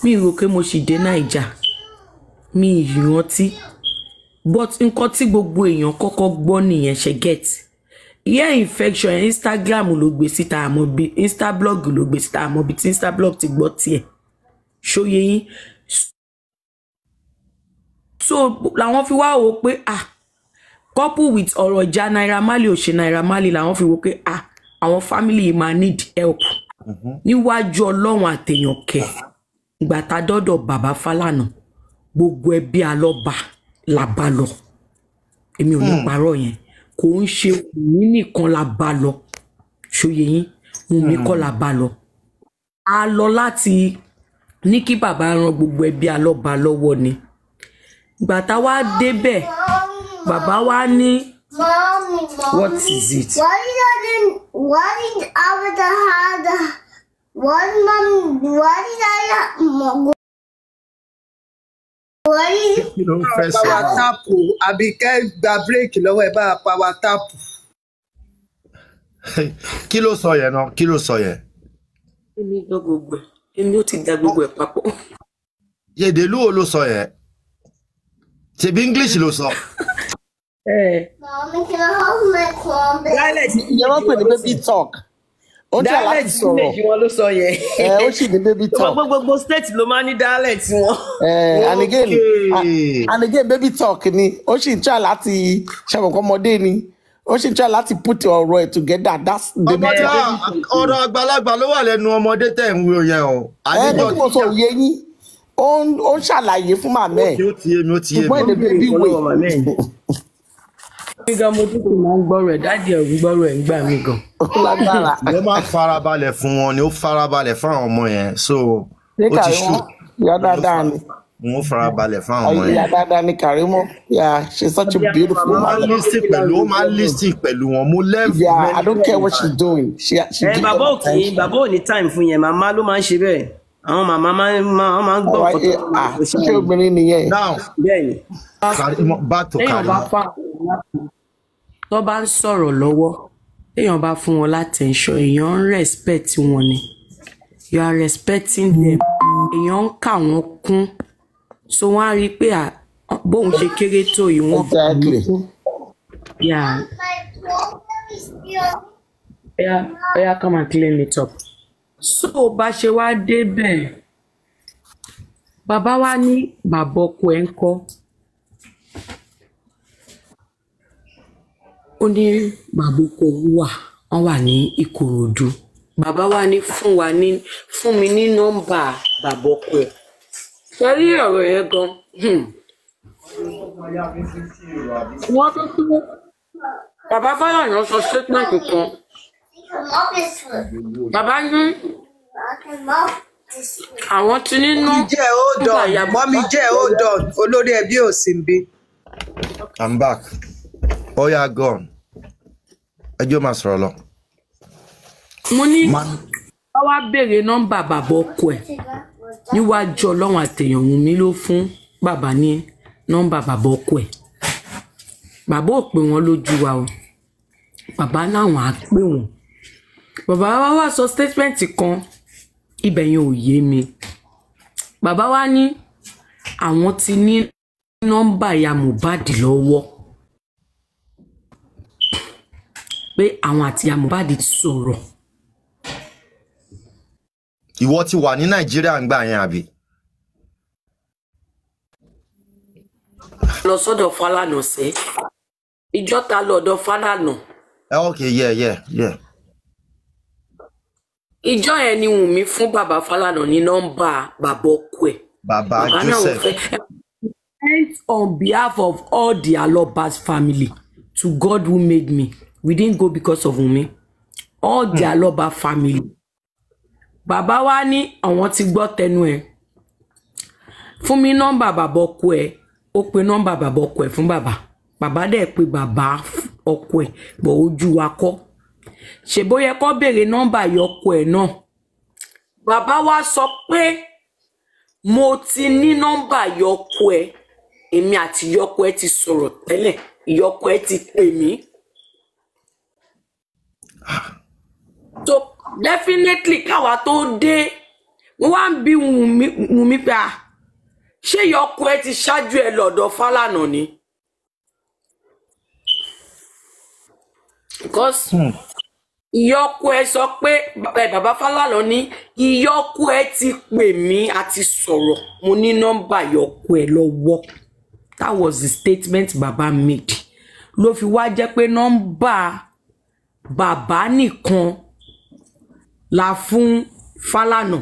mi rò pé mo sì dé nàìjà mi ìrántí but nǹkan tí gbogbo èèyàn kọ́kọ́ gbọ́ nìyẹn ṣe get ear infection instagram ló gbé síta àmọ́ bí instablog ló gbé síta àmọ́ tí instablog ti gbọ́ tiẹ̀ ṣóyè yín so làwọn fi wá wò pé ah couple with ọ̀rọ̀ ìjà naira marley ò ṣe naira marley làwọn fi wò pé ah àwọn family yìí need help mhm. níwájú ọlọ́run àtẹ̀yàn kẹ̀ ìgbà tá dọ́dọ̀ bàbá Fálànà gbogbo ẹbí alọ́ba la bá lọ èmi ò ní hmm. parọ́ yẹn kò ń ṣe òní nìkan la bá lọ ṣòye yín Wùnmí kọ́ hmm. la bá lọ a lọ láti ní kí bàbá ran gbogbo ẹbí alọ́ba lọ́wọ́ ni ìgbà tá wa débẹ̀ bàbá wa ní. what is it? Why did I why did I mommy why did I kí ló ń fẹ́ sọ. pàwọ́ táàpù àbíkẹ́ gba bírèkì lọ́wọ́ ẹ̀ bá a pàwọ́ táàpù. kí ló sọ yẹn náà kí ló sọ yẹn. èmi gbọ́ gbogbo ẹ̀ èmi ó ti da gbogbo ẹ̀ papọ̀. yèdè lúwo ló sọ yẹn ṣèbí english ló sọ. Mọ̀mí kí ló hàn mí wọ́n pè ní baby talk ó jà láti sọ̀rọ̀ dialect wọn ló sọ yẹn. ẹ ó sì ní baby talk. gbogbo gbogbo state ló máa ń ní dialect wọn. ẹ and again and again baby talk ni ó sì ń try láti ṣàkókò ọmọdé ni ó sì ń try láti put ọ̀rọ̀ ẹ̀ together that's the baby talk. ọ̀rọ̀ àgbàlagbà ló wà lẹ́nu ọmọdé tẹ̀ ń wo yẹn o. ẹ ní kí mo sọ òye yín ó ń ṣàlàyé fún màmá ẹ̀ ṣùgbọ́n èdè baby wait. mi gan mo dúkùú máa ń gbọ́rọ̀ ẹ̀ dáàdì ẹ̀ ń gbọ́rọ̀ ẹ̀ ń mí gan. ló máa farabalẹ̀ fún wọn ni ó farabalẹ̀ fún àwọn ọmọ yẹn so ó ti ṣú. ìyá dáadáa ni. fún àwọn ọmọ yẹn. ìyá dáadáa ni Karimo yà ṣe such a beautiful woman. ó máa ń lísì pẹ̀lú ó máa ń lísì pẹ̀lú wọn mo lẹ́ẹ̀fù. yeah I don't care what she's doing. ẹ eh, bàbá òkè bàbá ò time fún yẹn màmá ló máa ń ṣe bẹ́ẹ̀ àwọn màmá máa ń máa ń gbọ́ ọ̀pọ̀ tó ń ah, ṣe obìnrin nìyẹn. bẹ́ẹ̀ni téèyàn bá fà tó bá ń sọ̀rọ̀ lọ́wọ́ téèyàn bá fún wọn látẹ̀ǹṣọ́ èèyàn ń respect wọn ni you are respecting them èèyàn ń kà wọ́n kún so wọ́n á rí i pé bóun ṣe kéré tó yìí wọ́n kà wọ́n kún. Yeah. Yeah, yeah, come and clean it up so bá ṣe wá débẹ̀ bàbá wa ní bàbá ọkọ ẹ̀ ń kọ́ ó ní bàbá ọkọ wà wọ́n wà ní Ìkòròdú bàbá wa ní fún wa ní fún mi ní nọ́mbà bàbá ọkọ ẹ̀ sẹ́rí ọ̀rọ̀ yẹn gan hmm. wọ́n tó tó bàbá Fáyọ̀nà sọ statement kan. Bàbá yín. Àwọn ti nínú. Mọ́mí jẹ́ hold Mọ́mí jẹ́ hold Olórí ẹbí ò sí bí. I'm back. Oya oh, gone. Ẹjọ́ máa sọ̀rọ̀ lọ. Mo ní wá wá béèrè nọ́mbà bàbá ọkọ ẹ̀ níwájú ọlọ́run àtẹ̀yàn mi ló fún bàbá ní nọ́mbà bàbá ọkọ ẹ̀ bàbá ò pè wọ́n lójú wa o bàbá láwọn á pè wọ́n bàbá wa wá sọ statement kan ibẹ̀ yẹn ò yé mi bàbá wa ní àwọn ti ní nọ́mbà ìyá Mohbad lọ́wọ́ pé àwọn àti ìyá Mohbad ti sọ̀rọ̀. ìwọ ti wà ní Nàìjíríà ń gbà yẹn àbí. lọ sọ́dọ̀ Fálànà sẹ ìjọ ta lọ́dọ̀ eh, ok yeah yeah yeah ìjọ yẹn ni wùnmí fún bàbá Fálànà ní nọ́mbà bàbá ọkọ ẹ̀ bàbá Joseph thanks on behalf of all the Aloba's family to God who made me we didn't go because of Wunmi all the hmm. Aloba family bàbá wa ní àwọn ti gbọ́ tẹnu ẹ̀ fún mi nọ́mbà bàbá ọkọ ẹ̀ ó pe nọ́mbà bàbá ọkọ ẹ̀ fún bàbá bàbá dẹ̀ pe bàbá ọkọ ẹ̀ bọ̀ ojú wa kọ́ ṣe bóyá kó béèrè nọ́mbà ìyọkọ ẹ̀ náà bàbá wa sọ pé mo ti ní nọ́mbà ìyọkọ ẹ̀ èmi àti ìyọkọ ẹ̀ ti sọ̀rọ̀ tẹ́lẹ̀ ìyọkọ ẹ̀ ti pè mí. so definitely káwa tó dé wọ́n wá ń bí Wùnmí pé à ah, ṣé ìyọkọ ẹ̀ ti ṣáájú ẹ̀ lọ́dọ̀ Fálànà ni. because. Hmm ìyọkú ẹ sọ pé bàbá Fálànà ní ìyọkú ẹ ti pè mí àti sọ̀rọ̀ mo ní nọ́mbà ìyọkú ẹ lọ́wọ́ that was the statement bàbá made ló fi wá jẹ́ pé nọ́mbà bàbá nìkan la fún Fálànà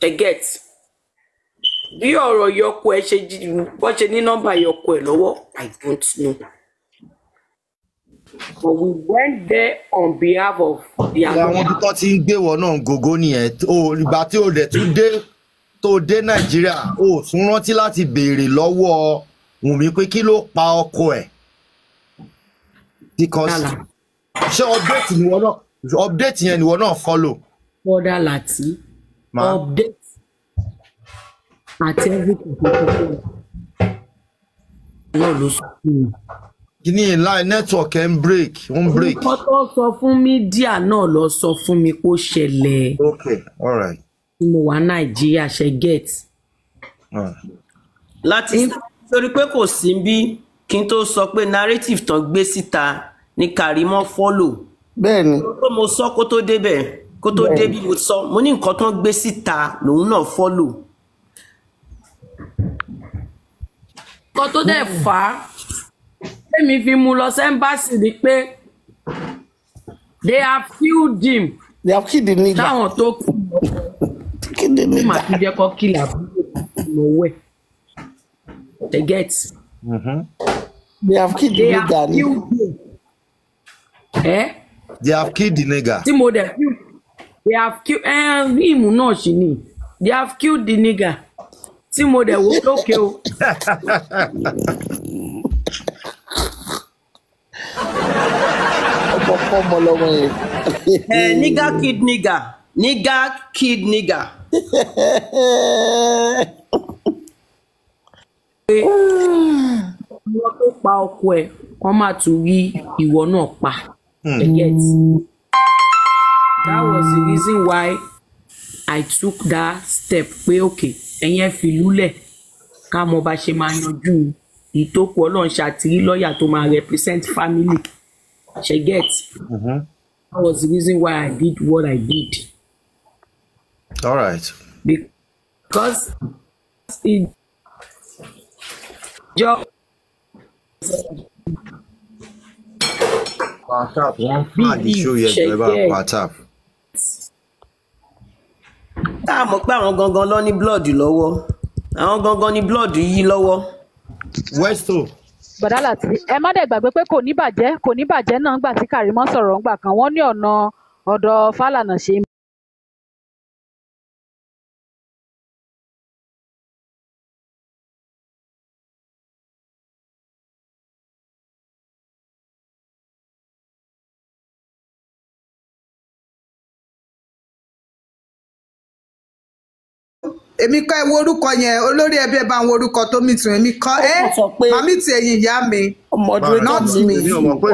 ẹ get bí ọ̀rọ̀ ìyọkú ẹ ṣe jí wọ́n ṣe ní nọ́mbà ìyọkú ẹ lọ́wọ́ i don't know but we went there on behalf of the agbóhùn. àwọn ibi tó ti ń gbé wọn náà gògó nìyẹn ìgbà tí o dẹ̀ tún dé tó dé nàìjíríà o tún rántí láti béèrè lọ́wọ́ wùnmí pé kí ló pa ọkọ ẹ̀ because ṣé update ni wọn náà update yẹn ni wọn náà follow. bọ́dà láti update àti everything tó kọ́kọ́ náà ló sọ fún mi kíní line network ẹ̀ eh, break ń break. nǹkan tó sọ fún mídíà náà ló sọ fún mi kó ṣẹlẹ̀. ok all right. mo wà nàìjíríà ṣe get. láti torí pé kò sí bí kí n tó sọ pé narrative tán gbé síta ní Karimo follow. bẹ́ẹ̀ni. mo sọ kó tó débẹ̀ kó tó débi mo sọ mo ní nǹkan tó ń gbé síta lòun náà follow. nǹkan tó dẹ̀ fà á tèmi fi mú lọ sẹ́ńbàṣì ni pé they have killed him. they have killed the nigger. táwọn tó kú killed the nigger. ó mà tún jẹ́ kó kill àbúrò lọ́wọ́ ẹ̀ they get. Mm-hmm. they have killed the nigger. they have they have killed the nigger. tí mo dẹ̀ feel they have killed him náà ṣì ni they have killed the nigger tí mo dẹ̀ wò lókè o. kọ́kọ́ mọ yẹn. ẹ eh, kid nígà nígà kid nígà. pé tó pa ọkọ ẹ̀ wọ́n máa tún rí ìwọ náà pa. Hmm. that was the reason why I took that step pé òkè ẹ̀yẹn fi lúlẹ̀ ká mọ bá ṣe máa yanjú ìtókù ọlọ́run ṣàtìrí lọ́ọ̀yà tó máa represent family she get mm-hmm. that was the reason why i did what i did all right because it just WhatsApp wọn fún àdìsú yẹn ìjọba WhatsApp. tá a mọ̀ pé àwọn gangan ló ní blood lọ́wọ́ àwọn gangan ní blood yìí lọ́wọ́. westo. Bọ̀dá Láti ẹ má dẹ̀ gbàgbé pé kò ní bàjẹ́ kò ní bàjẹ́ náà nígbà tí Kàrímọ́ sọ̀rọ̀ ńgbà kan wọ́n ní ọ̀nà ọ̀dọ̀ Fálànà ṣe èmi kọ́ ẹ wo orúkọ yẹn olórí ẹbí ẹ bá ń wo orúkọ tó mi tún èmi kọ́ ẹ màmí ti ẹ̀yìn ìyá mi not me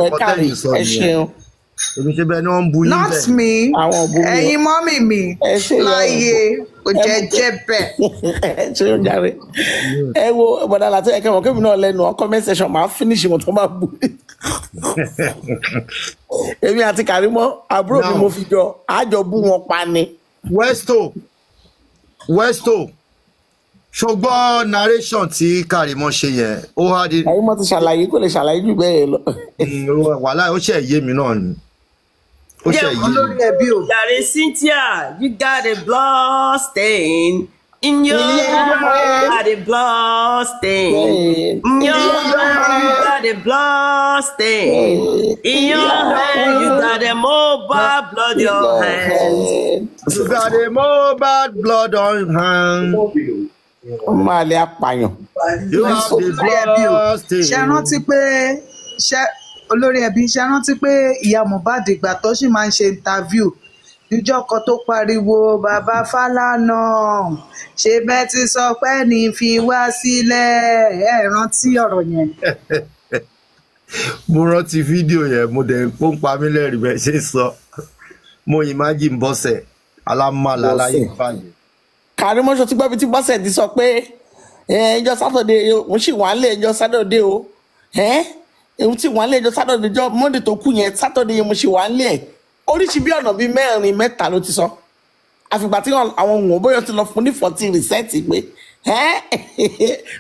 ẹ̀ka mi ẹ ṣeun èmi ṣe bẹ́ẹ̀ ni wọ́n ń bu yín bẹ́ẹ̀ not me ẹ̀yin mọ́mì mi láàyè kò jẹ́ jẹ́ bẹ́ẹ̀. ṣé o jàre ẹ wo bọ̀dà láti ẹ̀kẹ́ wọn kébì náà lẹ́nu comment section máa finish wọn tó máa bu èmi àti Kàrímọ́ àbúrò mi mo fi jọ àjọ bú wọn pa ni. westo Westo ṣùgbọ́n narration tí Karimo ṣe yẹn ó wá di. Karimo ti ṣàlàyé kò lè ṣàlàyé jù bẹ́ẹ̀ lọ. Mm, wàhálà ó ṣe yé mi náà ni ó ṣe yé mi. yàrá Cynthia you got a blood stain. In your mind are the bloodstains. In your mind got the bloodstains. In your hand you got the mobile blood your hands, You got the mobile blood on your hand. Ó You have the bloodstains. Ṣé rántí pé ṣé olórí ẹbí ṣé rántí pé ìyá Mohbad ìgbà tó ṣì máa ń ṣe interview ìjọkọ̀ tó pariwo bàbá fálànà ṣe bẹ́ẹ̀ ti sọ pé ní fi wá sílẹ̀ ẹ rántí ọ̀rọ̀ yẹn. mo rántí fídíò yẹn mo dẹ̀ ń pọ́npá mi lẹ́rìí bẹ́ẹ̀ ṣe sọ mo imagine bọ́sẹ̀ alámàlà láyé ìbàlẹ̀. kàrímọ́sọ tí gbọ́bí tí bọ́sẹ̀ ti sọ pé ẹjọ́ sátọ̀dẹ̀ mo sì wà nílé ẹjọ́ sátọ̀dẹ̀ o ẹ̀hún tí wà nílé ẹjọ́ sátọ̀dẹ̀ ọjọ́ mọ́ndé tó kù yẹn sátọ̀dẹ̀ yẹn mo sì wà nílé ẹ̀ oríṣi bí ọ̀nà bíi mẹ́rin mẹ́ta ló ti sọ àfìgbà tí àwọn ohun òbóyọ ti lọ fún ní fourteen rìsẹ́ẹ̀tì pé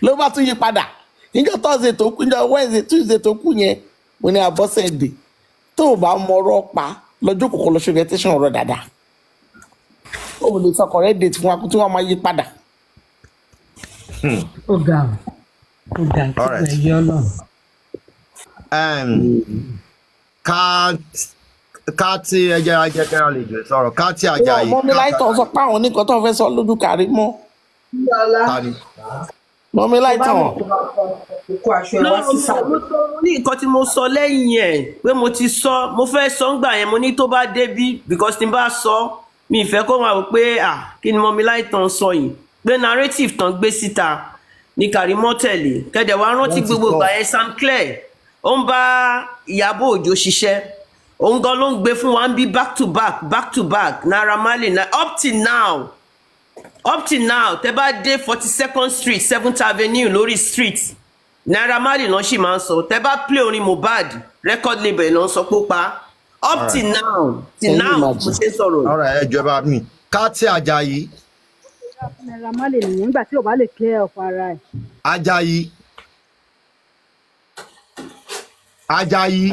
ló bá tún yí padà níjọ tọ́sídẹ̀ẹ́ tó kú níjọ wẹ́ẹ̀sì túwìsì tó kú yẹn mo ní abọ́sẹ̀dẹ̀ tó o bá mọ̀rọ̀ pa lọ́jọ́ kòkó lọ́sọ orientation ọ̀rọ̀ dáadáa o lè sọ correct date fún wa kó tí wọ́n máa yí padà. ó ga ó ga kí lè yọ náà. Um, ká káàtì ẹja ajẹkẹrẹ àlejò sọ̀rọ̀ káàtì ajá yìí. Mọ́miláìtàn sọ pé àwọn oníkan tó ń fẹ́ sọ lójú kárí mọ́. Mọ́miláìtàn. ní nǹkan tí mo sọ lẹ́yìn ẹ̀ pé mo ti sọ mo fẹ́ sọ ńgbà yẹn mo ní tó bá débí because tí n bá sọ mi ìfẹ́ kó wà pé kí ni Mọ́miláìtàn sọ yìí pé narrative tán gbé síta ní Karimo tẹ̀lé kẹ̀dẹ̀ wá rántí gbogbo ìgbà yẹn Sam Clare ó ń bá Ìyábọ̀ Òjó ṣiṣẹ́ òun gan ló ń gbé fún wa bí back to back back to back Naira Marley na up till now up till now tẹ bá dé forty second street seventh avenue lórí street Naira Marley náà sì máa ń sọ tẹ bá play orin Mohbad record label náà sọ pé pa up right. till now till now mo ṣe sọ̀rọ̀. ọ̀rọ̀ ẹ jọba mi Káàtì ajayi Naira Marley nìyẹn nígbà tí ò bá lè clear ọ̀pọ̀ ara ẹ̀. Àjàyí. Àjàyí.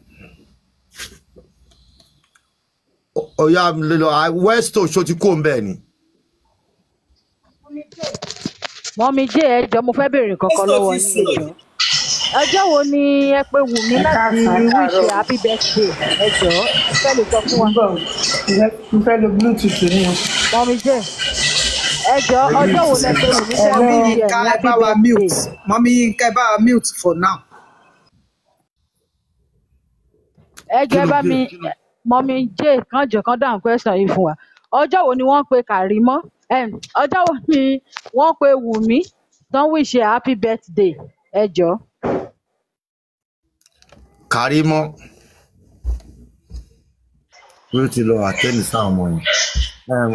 ọ̀yà oh, lọ west oṣù ti kó ń bẹ́ẹ̀ ni. mọ́mí jẹ́ ẹ jọ mo fẹ́ béèrè kankan lọ́wọ́ yín ẹ ọjọ́ wo ni ẹ pé wù mí láti wíṣẹ́ happy birthday ẹ fẹ́ lè sọ fún wa. mo fẹ́ lo bluetooth ni o. mọ́mí jẹ́ ẹ ọjọ́ wo lẹ pé wù mí láti wíṣẹ́ happy birthday. mọ́mí Yínká ẹ bá wa mute for now. ẹ jọ bá mi mọ́mì J kán jọ̀ọ́ kán dáhùn question yìí fún wa. Ọjọ́ wo ni wọ́n pe Kàrímọ́? Um, ọjọ́ wo ni wọ́n pe Wùmí tán wish her happy birthday? Ẹ jọ̀ọ́. Kàrímọ́ ló ti lọ àtẹ́nì sáwọn ọmọ yìí.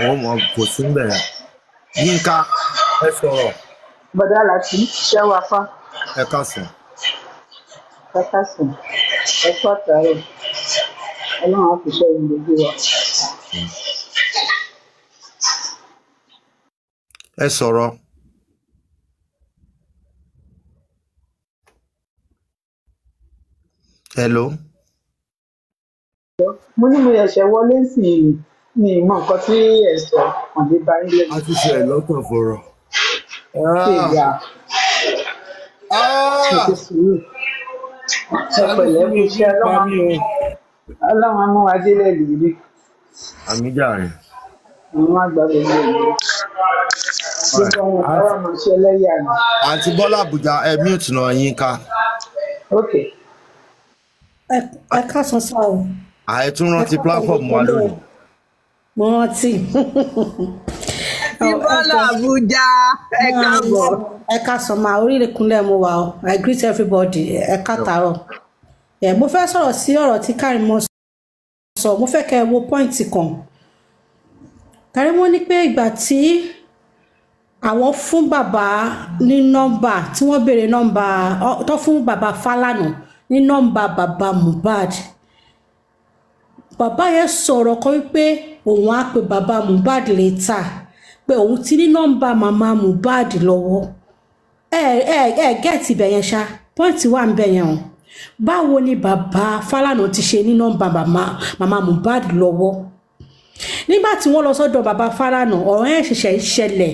Wọ́n mọ̀ kò sí ń bẹ̀rẹ̀. Yínká ẹ sọ̀rọ̀. Bọ̀dá Láti ṣẹ́ wa fá. Ẹ ká sùn. Ẹ ká sùn. Ẹ kọ́ Ọlọ́run á fi ṣẹ́ ohun gbogbo wa. Ẹ sọ̀rọ̀. Hello. Mo ní mo yẹ̀ṣẹ̀ wọlé sí i ní ìmọ̀ nǹkan tí ẹ sọ ọ̀dẹ́ bá ń lẹ́nu. A ti ṣe ìlọ́kàn fọ̀rọ̀. Ṣé ìyá? Ah! Ṣé ti sùúrù? Ẹ pẹ̀lẹ́ fi ṣe ọlọ́run ọlọ́run á mú wa délẹ̀ lórí. àmì jàre. àwọn àgbà gbogbo ìlú. àǹtí bọ́lá àbújá ẹ mute náà yín ká. ok. ẹ ká sọ sá o. àìtún rántí platform wa lónìí. mo rántí. Bọ́lá Àbújá ẹ káàbọ̀. Ẹ ká sọ máa orílẹ̀ kúnlẹ̀ mo wà o. I greet everybody. Ẹ ká tàárọ̀ ẹ mo fẹ́ sọ̀rọ̀ sí ọ̀rọ̀ tí Karimo sọ mo fẹ́ kẹ́ ẹ wo pọ́ìntì kan Karimo ní pé ìgbà tí àwọn fún bàbá ní nọ́mbà tí wọ́n béèrè nọ́mbà tó fún bàbá Fálànà ní nọ́mbà baba mubad bàbá yẹn sọ̀rọ̀ kan wípé òun á pe bàbá Mohbad létà pé òun ti ní nọ́mbà màmá Mohbad lọ́wọ́ ẹ ẹ ẹ gẹ́ẹ̀tì bẹ̀yẹn ṣá pọ́ǹtì wà ń bẹ̀yẹn o báwo ni bàbá Fálànà ti ṣe ní nọ́mbà màmá màmá Mohbad lọ́wọ́ nígbà tí wọ́n lọ sọ́dọ̀ bàbá Fálànà ọ̀rọ̀ yẹn ṣẹ̀ṣẹ̀ ṣẹlẹ̀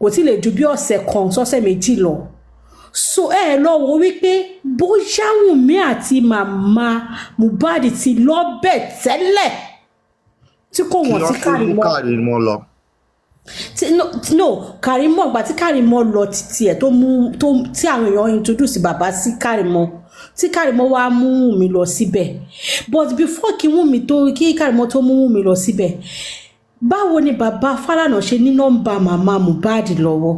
kò tí lè ju bí ọ̀sẹ̀ kan sọ́sẹ̀ méjì lọ so ẹ eh, lọ wo wípé bóyá Wùnmí àti màmá Mohbad ti lọ́bẹ̀ tẹ́lẹ̀ tí kò wọ́n ti kárí mọ́ lọ tí no, no Kàrímọ̀ ìgbà tí Kàrímọ̀ lọ títí ẹ̀ tó mú tó tí àwọn èèyàn introduce bàbá sí Kàrímọ̀. Si tí Kàrímọ́ wá mú Wùmí lọ síbẹ̀ but before kí Wùmí tó kí Kàrímọ́ tó mú Wùmí lọ síbẹ̀ báwo ni bàbá Fálànà ṣe ní nọ́mbà màmá Mohbad lọ́wọ́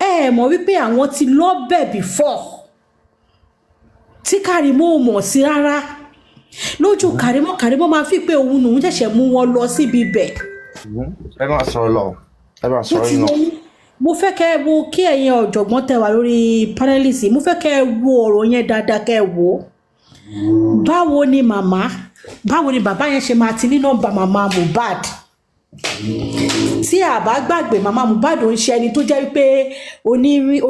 ẹ ẹ mọ̀ wípé àwọn ti lọ́bẹ̀ before tí Kàrímọ́ ò mọ̀ sí rárá lójú Kàrímọ́ Kàrímọ́ máa fi pé òun nùún ṣẹ̀ṣẹ̀ mú wọn lọ síbi bẹ̀. ẹ máa sọ̀rọ̀ lọ ẹ máa sọ̀rọ̀ yín lọ mo fẹ́ kẹ́ ẹ wo kí ẹ̀yin ọ̀jọ̀gbọ́n tẹ́ wà lórí panelist mo fẹ́ kẹ́ ẹ wo ọ̀rọ̀ yẹn dáadáa kẹ́ ẹ wo báwo ni màmá báwo ni bàbá yẹn ṣe máa ti ní nọ́mbà màmá Mohbad tí àbá gbàgbé màmá Mohbad ò ń ṣe ẹni tó jẹ́ wípé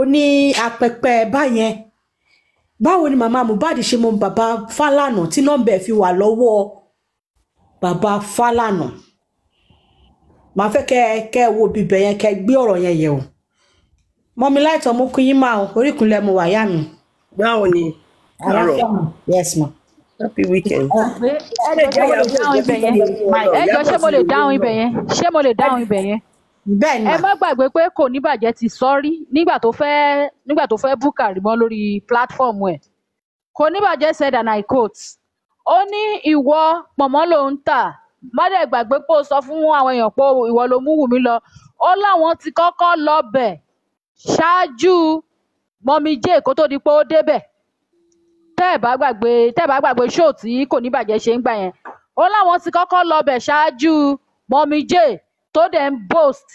oní apẹpẹ báyẹn báwo ni màmá Mohbad ṣe mọ bàbá Fálànà tí nọ́mbà ẹ̀ fi wà lọ́wọ́ bàbá Fálànà. No màá fẹ́ kẹ́ kẹ́ wo bíbẹ̀ yẹn kẹ́ gbé ọ̀rọ̀ yẹn yẹ̀ o mọ́mi láìtọ́ mú kí yín máa o oríkùn lẹ́mu wàyà mi. báwo ni ọ̀rọ̀ yes ma. happy weekend. ẹ jọ ṣé mo lè dáhùn ibẹ̀ yẹn ṣé mo lè dáhùn ibẹ̀ yẹn ẹ má gbàgbé pé kò ní bàjẹ́ ti sọ́rí nígbà tó fẹ́ nígbà tó fẹ́ búkà rí mọ́ lórí platform ẹ̀ kò ní bàjẹ́ said and I quote ó ní ìwọ pọ̀nmọ́ ló ń tà má dẹ̀ gbàgbé pé o sọ fún àwọn èèyàn pé ìwọ ló mú Wùmí lọ ó láwọn ti kọ́kọ́ lọ bẹ̀ ṣáájú mọ́mí jẹ́ tó di pé ó débẹ̀ tẹ́ ẹ̀ bá gbàgbé tẹ́ ẹ̀ bá gbàgbé ṣóò tí kò ní bàjẹ́ ṣe ń gbà yẹn ó láwọn ti kọ́kọ́ lọ bẹ̀ ṣáájú mọ́mí jẹ́ tó dẹ̀ ń boast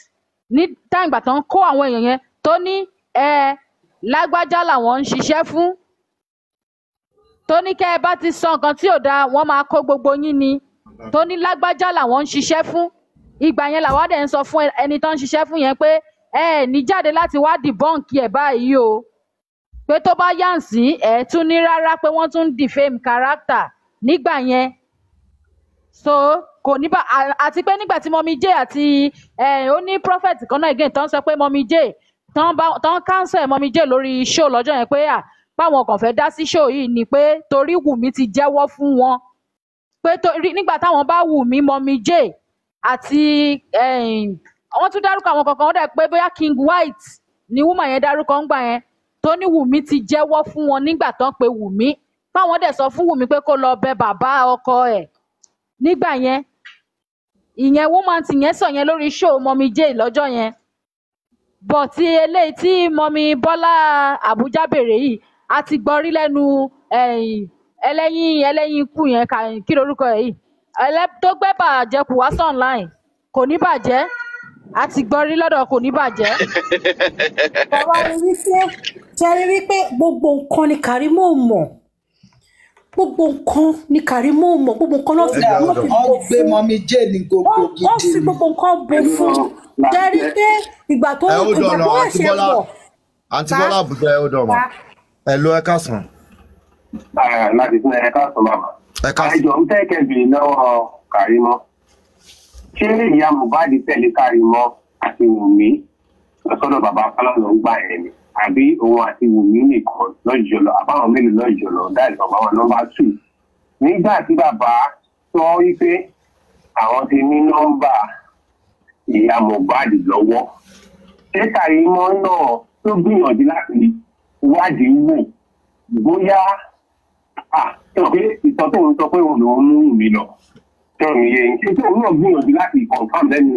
ní táìgbà tó ń kó àwọn èèyàn yẹn tó ní ẹ lágbájá làwọn ń ṣiṣẹ́ fún tó ẹ bá ti sọ nǹkan tí ò dáa wọ́n máa kó gbogbo yín ni tó ní lágbájá làwọn ń ṣiṣẹ́ fún ìgbà yẹn làwọn dẹ̀ ń sọ fún ẹni tó ń ṣiṣẹ́ fún yẹn pé ẹ ẹ ní jáde láti wá dìbọ́ǹkì ẹ̀ báyìí o pé tó bá yànsí ẹ̀ tún ní rárá pé wọ́n tún ń defame character nígbà yẹn so kò ní bá àti pé nígbà tí mọ́mí jẹ́ àti ó ní prophet kan náà again tó ń sọ pé mọ́mí jẹ́ tó ń cancel mọ́mí jẹ́ lórí show lọ́jọ́ yẹn pé à báwọn kàn fẹ́ dá sí show yìí ni pé torí Wùmí ti jẹ́wọ́ fún wọn pé nígbà táwọn bá wù mí mọ́mí jay àti eh, wọ́n tún dárúkọ àwọn kankan wọ́n dẹ̀ pé bóyá king white ni woman yẹn dárúkọ ńgbà yẹn tó ní wùmí ti jẹ́wọ́ fún wọn nígbà tán pé wùmí táwọn dẹ̀ sọ fún wùmí pé kó lọ bẹ bàbá ọkọ ẹ̀ nígbà yẹn ìyẹn woman ti yẹn sọ yẹn lórí show mọ́mí jay lọ́jọ́ yẹn bọ̀ ti eléyìí tí mọ́mí bọ́lá àbújá bèrè yìí a ti gbọ́ rí ẹlẹ́yin ẹlẹ́yin ikú yẹn kí lorúkọ ẹ̀ yìí ẹlẹ́ tó gbé bàjẹ́ kù wá sàn láì kò ní bàjẹ́ a ti gbọ́ rí lọ́dọ̀ kò ní bàjẹ́. bàbá mi wípé jẹ́rí wípé gbogbo nǹkan ni Karimo mọ̀ gbogbo nǹkan ni Karimo mọ̀ gbogbo nǹkan náà fi gbogbo fún ọ gbé mọmi jẹ ní gbogbo gidi ó fi gbogbo nǹkan bo fún jẹ́rí pé ìgbà tó ìgbà tó ẹsẹ pọ. àǹtí bọ́lá àbújá ẹ̀ ó dọ̀ mọ́ ẹ̀ ló ẹ̀ ká sàn. Eh, láti fún ẹ káàsán bàbá. ẹ káàsán. àìjọ ń tẹ́kẹ̀ bìrì lọ́wọ́ Kàrímọ́ ṣé ìyá Mohbad tẹ̀lé Kàrímọ́ àti Wùmí lọ́sọ́dọ̀ bàbá Fálànà ń gbà ẹ̀ ni àbí òun àti Wùmí nìkan lọ́jọ́ lọ àbáwọn mélòó lọ́jọ́ lọ dáìlì bàbá wọn nọ́mbà tù nígbà tí bàbá sọ wípé àwọn ti ní nọ́mbà ìyá Mohbad lọ́wọ́ ṣé Kàrímọ́ náà tó gbìyànjú láti wádìí wò bóyá sọ ah, pé ìtọ́ tó ń sọ pé òun lòún mú mi lọ tọ́rọ mi yẹ kí òun náà gbìyànjú láti confam lẹ́nu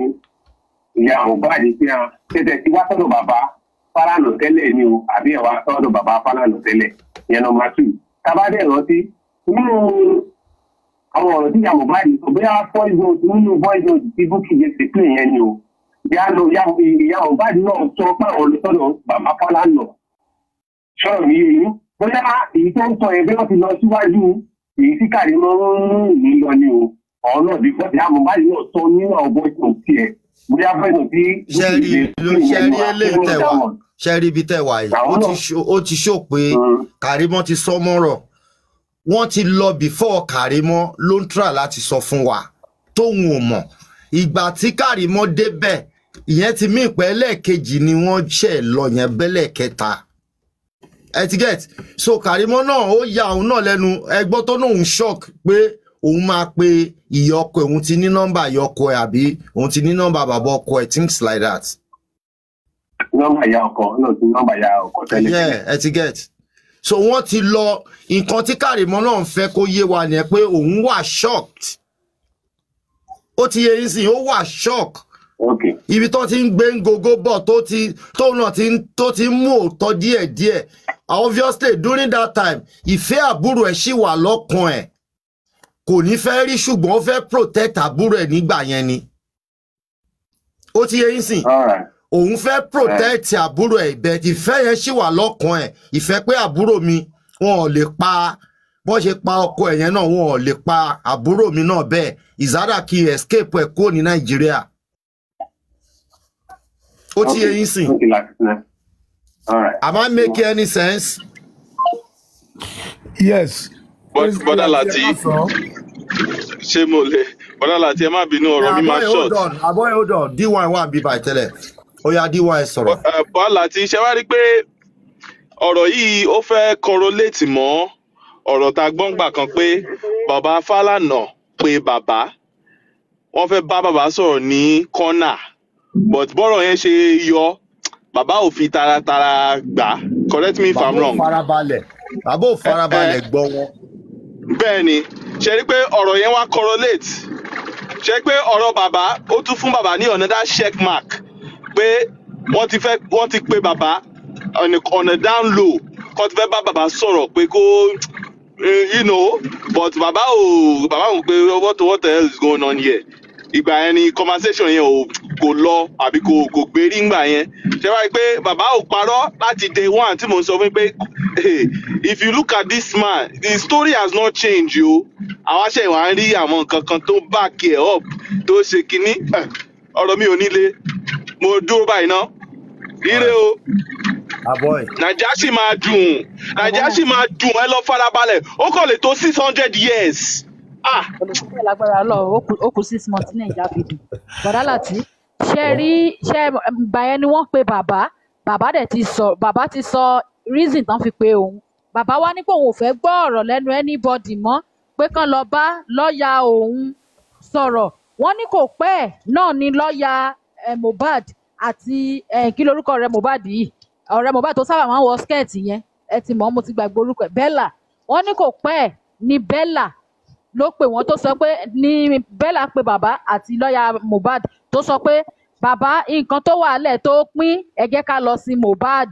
ìyá àwọn báyìí pé a ah, tẹ̀tẹ̀ ti wá sọ́dọ̀ bàbá Fálànà tẹ́lẹ̀ ni o àbí ẹ̀ wá sọ́dọ̀ bàbá Fálànà tẹ́lẹ̀ yẹn lọ máa tù tábàdé rántí nínú àwọn ọ̀rọ̀ tí ìyàwó báyìí sọ bóyá fọ́ìjọ nínú fọ́ìjọ tí búkì jẹ sí pé yẹn ni o ìyàwó ìyàwó báyìí náà sọ pé àwọn olùsọ̀rọ̀ bàbá Fálànà sọ̀rọ̀ mi yẹ bóyá ah, èyí tó ń sọ yẹn bí wọ́n ti lọ síwájú èyí tí kàrí mọ́ ń lọ ni o ọ̀rọ̀ náà bí bọ́ọ̀dì àmọ́ báyìí náà sọ nínú àwọn bọ́ọ̀dì tiẹ̀ bóyá bẹ́ẹ̀ náà tí. sẹ́ẹ̀rì sẹ́ẹ̀rì eléyìí tẹ̀ wá sẹ́ẹ̀rì ibi tẹ̀ wá yìí ó ti ṣó pé hmm. kàrímọ́ ti sọ mọ́rọ̀ wọ́n ti lọ before kàrímọ́ ló ń try láti sọ fún wa tóun ò mọ̀ ìgbà tí kàrímọ́ débẹ̀ ìyẹn ti mí ìpẹ́ lẹ́ẹ̀kejì ni wọ́n ṣẹ̀ lọ yẹn bẹ́lẹ̀ kẹta ẹ ti get so Karimo náà ó ya òun náà lẹ́nu ẹgbọ́n tó náà òun shock pé òun máa pe ìyá ọkọ ẹ̀ òun ti ní nọ́mbà ìyá ọkọ ẹ̀ àbí òun ti ní nọ́mbà bàbá ọkọ ẹ̀ things like that. nọ́mbà ìyá ọkọ náà ti nọ́mbà ìyá ọkọ tẹ́lẹ̀. yeah ẹ ti get so wọ́n ti lọ nǹkan tí Karimo náà ń fẹ́ kó yé wa nìyẹn pé òun wà shocked ó ti yẹ yín sìn ó wà shocked ibi tó ti ń gbé ń gogo bọ̀ tó ti tó náà ti ń tó ti ń mú òótọ́ díẹ̀díẹ̀ obviously during that time ìfẹ́ àbúrò ẹ̀ ṣì wà lọ́kàn ẹ̀ kò ní fẹ́ rí ṣùgbọ́n ó fẹ́ protect àbúrò ẹ̀ nígbà yẹn ni ó ti yẹ yín sìn òun fẹ́ protect àbúrò ẹ̀ bẹ́ẹ̀ ìfẹ́ yẹn ṣì wà lọ́kàn ẹ̀ ìfẹ́ pé àbúrò mi wọn ò lè pa bọ́n ṣe pa ọkọ ẹ̀ yẹn náà wọn ò lè pa àbúrò mi náà bẹ́ẹ̀ ìzádà kí escape ẹ̀ kúrò ní nàìjíríà ó ti yẹ yín sìn. am I making any sense? yes. bọ́dà láti ṣé mo lè bọ́dà láti ẹ má bínú ọ̀rọ̀ mi máa short. àbọ̀ ẹ̀ hold on d1 wà bíbá ìtẹ́lẹ̀ ó yá d1 ẹ sọ̀rọ̀. bọ́dà láti ṣe wá rí pé ọ̀rọ̀ yìí ó fẹ́ correlate mọ́ ọ̀rọ̀ tá a gbọ́n gbà kan pé bàbá Fálànà pé bàbá wọ́n fẹ́ bá bàbá sọ̀rọ̀ ní kọ́nà but bọ́rọ̀ yẹn ṣe yọ bàbá ò fi taratara gbà correct me if i'm wrong. bàbá ò farabalẹ̀ bàbá ò farabalẹ̀ eh, eh. gbọ́ wọn. bẹ́ẹ̀ ni ṣe rí pé ọ̀rọ̀ yẹn wá correlate ṣe pé ọ̀rọ̀ bàbá ó tún fún bàbá ní another check mark pé wọ́n ti fẹ́ wọ́n ti pe bàbá ọ̀nà down low kọ́ ti fẹ́ bá bàbá sọ̀rọ̀ pé kó eh, you know but bàbá ò bàbá ò pé what what the hell is going on here ìgbà yẹn ni conversation yẹn ò kò lọ àbí kò kò gbérí ngbà yẹn ṣe wáyé pé bàbá ò parọ́ láti day one tí mo sọ fún pé if you look at this man the story has not changed o àwa ṣe wà ń rí àwọn nǹkan kan tó back ẹ̀ up tó ṣe kínní ọ̀rọ̀ mi ò nílé mo dúró báyìí ná ire o ah, nàìjíríà sì máa dùn nàìjíríà sì máa dùn ẹ lọ farabalẹ̀ ó kàn lè tó six hundred years. Ah! olùkọ́ lágbára lọ ó kù six months ní nàìjíríà fi dùn bọ̀dá ṣe rí ṣe gbà yẹn ni wọ́n pe bàbá bàbá dẹ̀ ti sọ bàbá ti sọ reason tán fi pe òun bàbá wa ní pé òun ò fẹ́ gbọ́ ọ̀rọ̀ lẹ́nu anybody mọ́ pé kán lọ bá lọ́ọ̀yà òun sọ̀rọ̀ wọ́n ní kò pẹ́ náà ni lọ́ọ̀yà Mohbad àti kí lorúkọ rẹ̀ Mohbad yìí ọ̀rẹ́ Mohbad tó sábà máa ń wọ skẹ́ẹ̀tì yẹn ẹ ti mọ̀ ọ́n mo ti gbàgbé orúkọ ẹ̀ Bella wọ́n ní kò pẹ́ ni Bella ló pè wọ́n tó sọ pé ní Bella pe bàbá àti lọ́ọ̀yà Mohbad tó sọ pé bàbá nǹkan tó wà lẹ̀ tó pín ẹ jẹ́ ká lọ sí Mohbad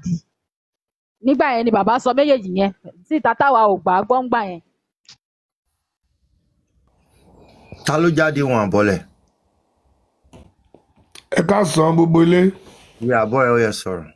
nígbà yẹn ni bàbá sọ méjèèjì yẹn tí tàtàwà ò gbà gbọ́ngbà yẹn. ta ló jáde wọn àbọ̀lẹ̀. ẹ ká sọ gbogbo ilé. ìyá ẹ̀ ó yẹ sọ̀rọ̀.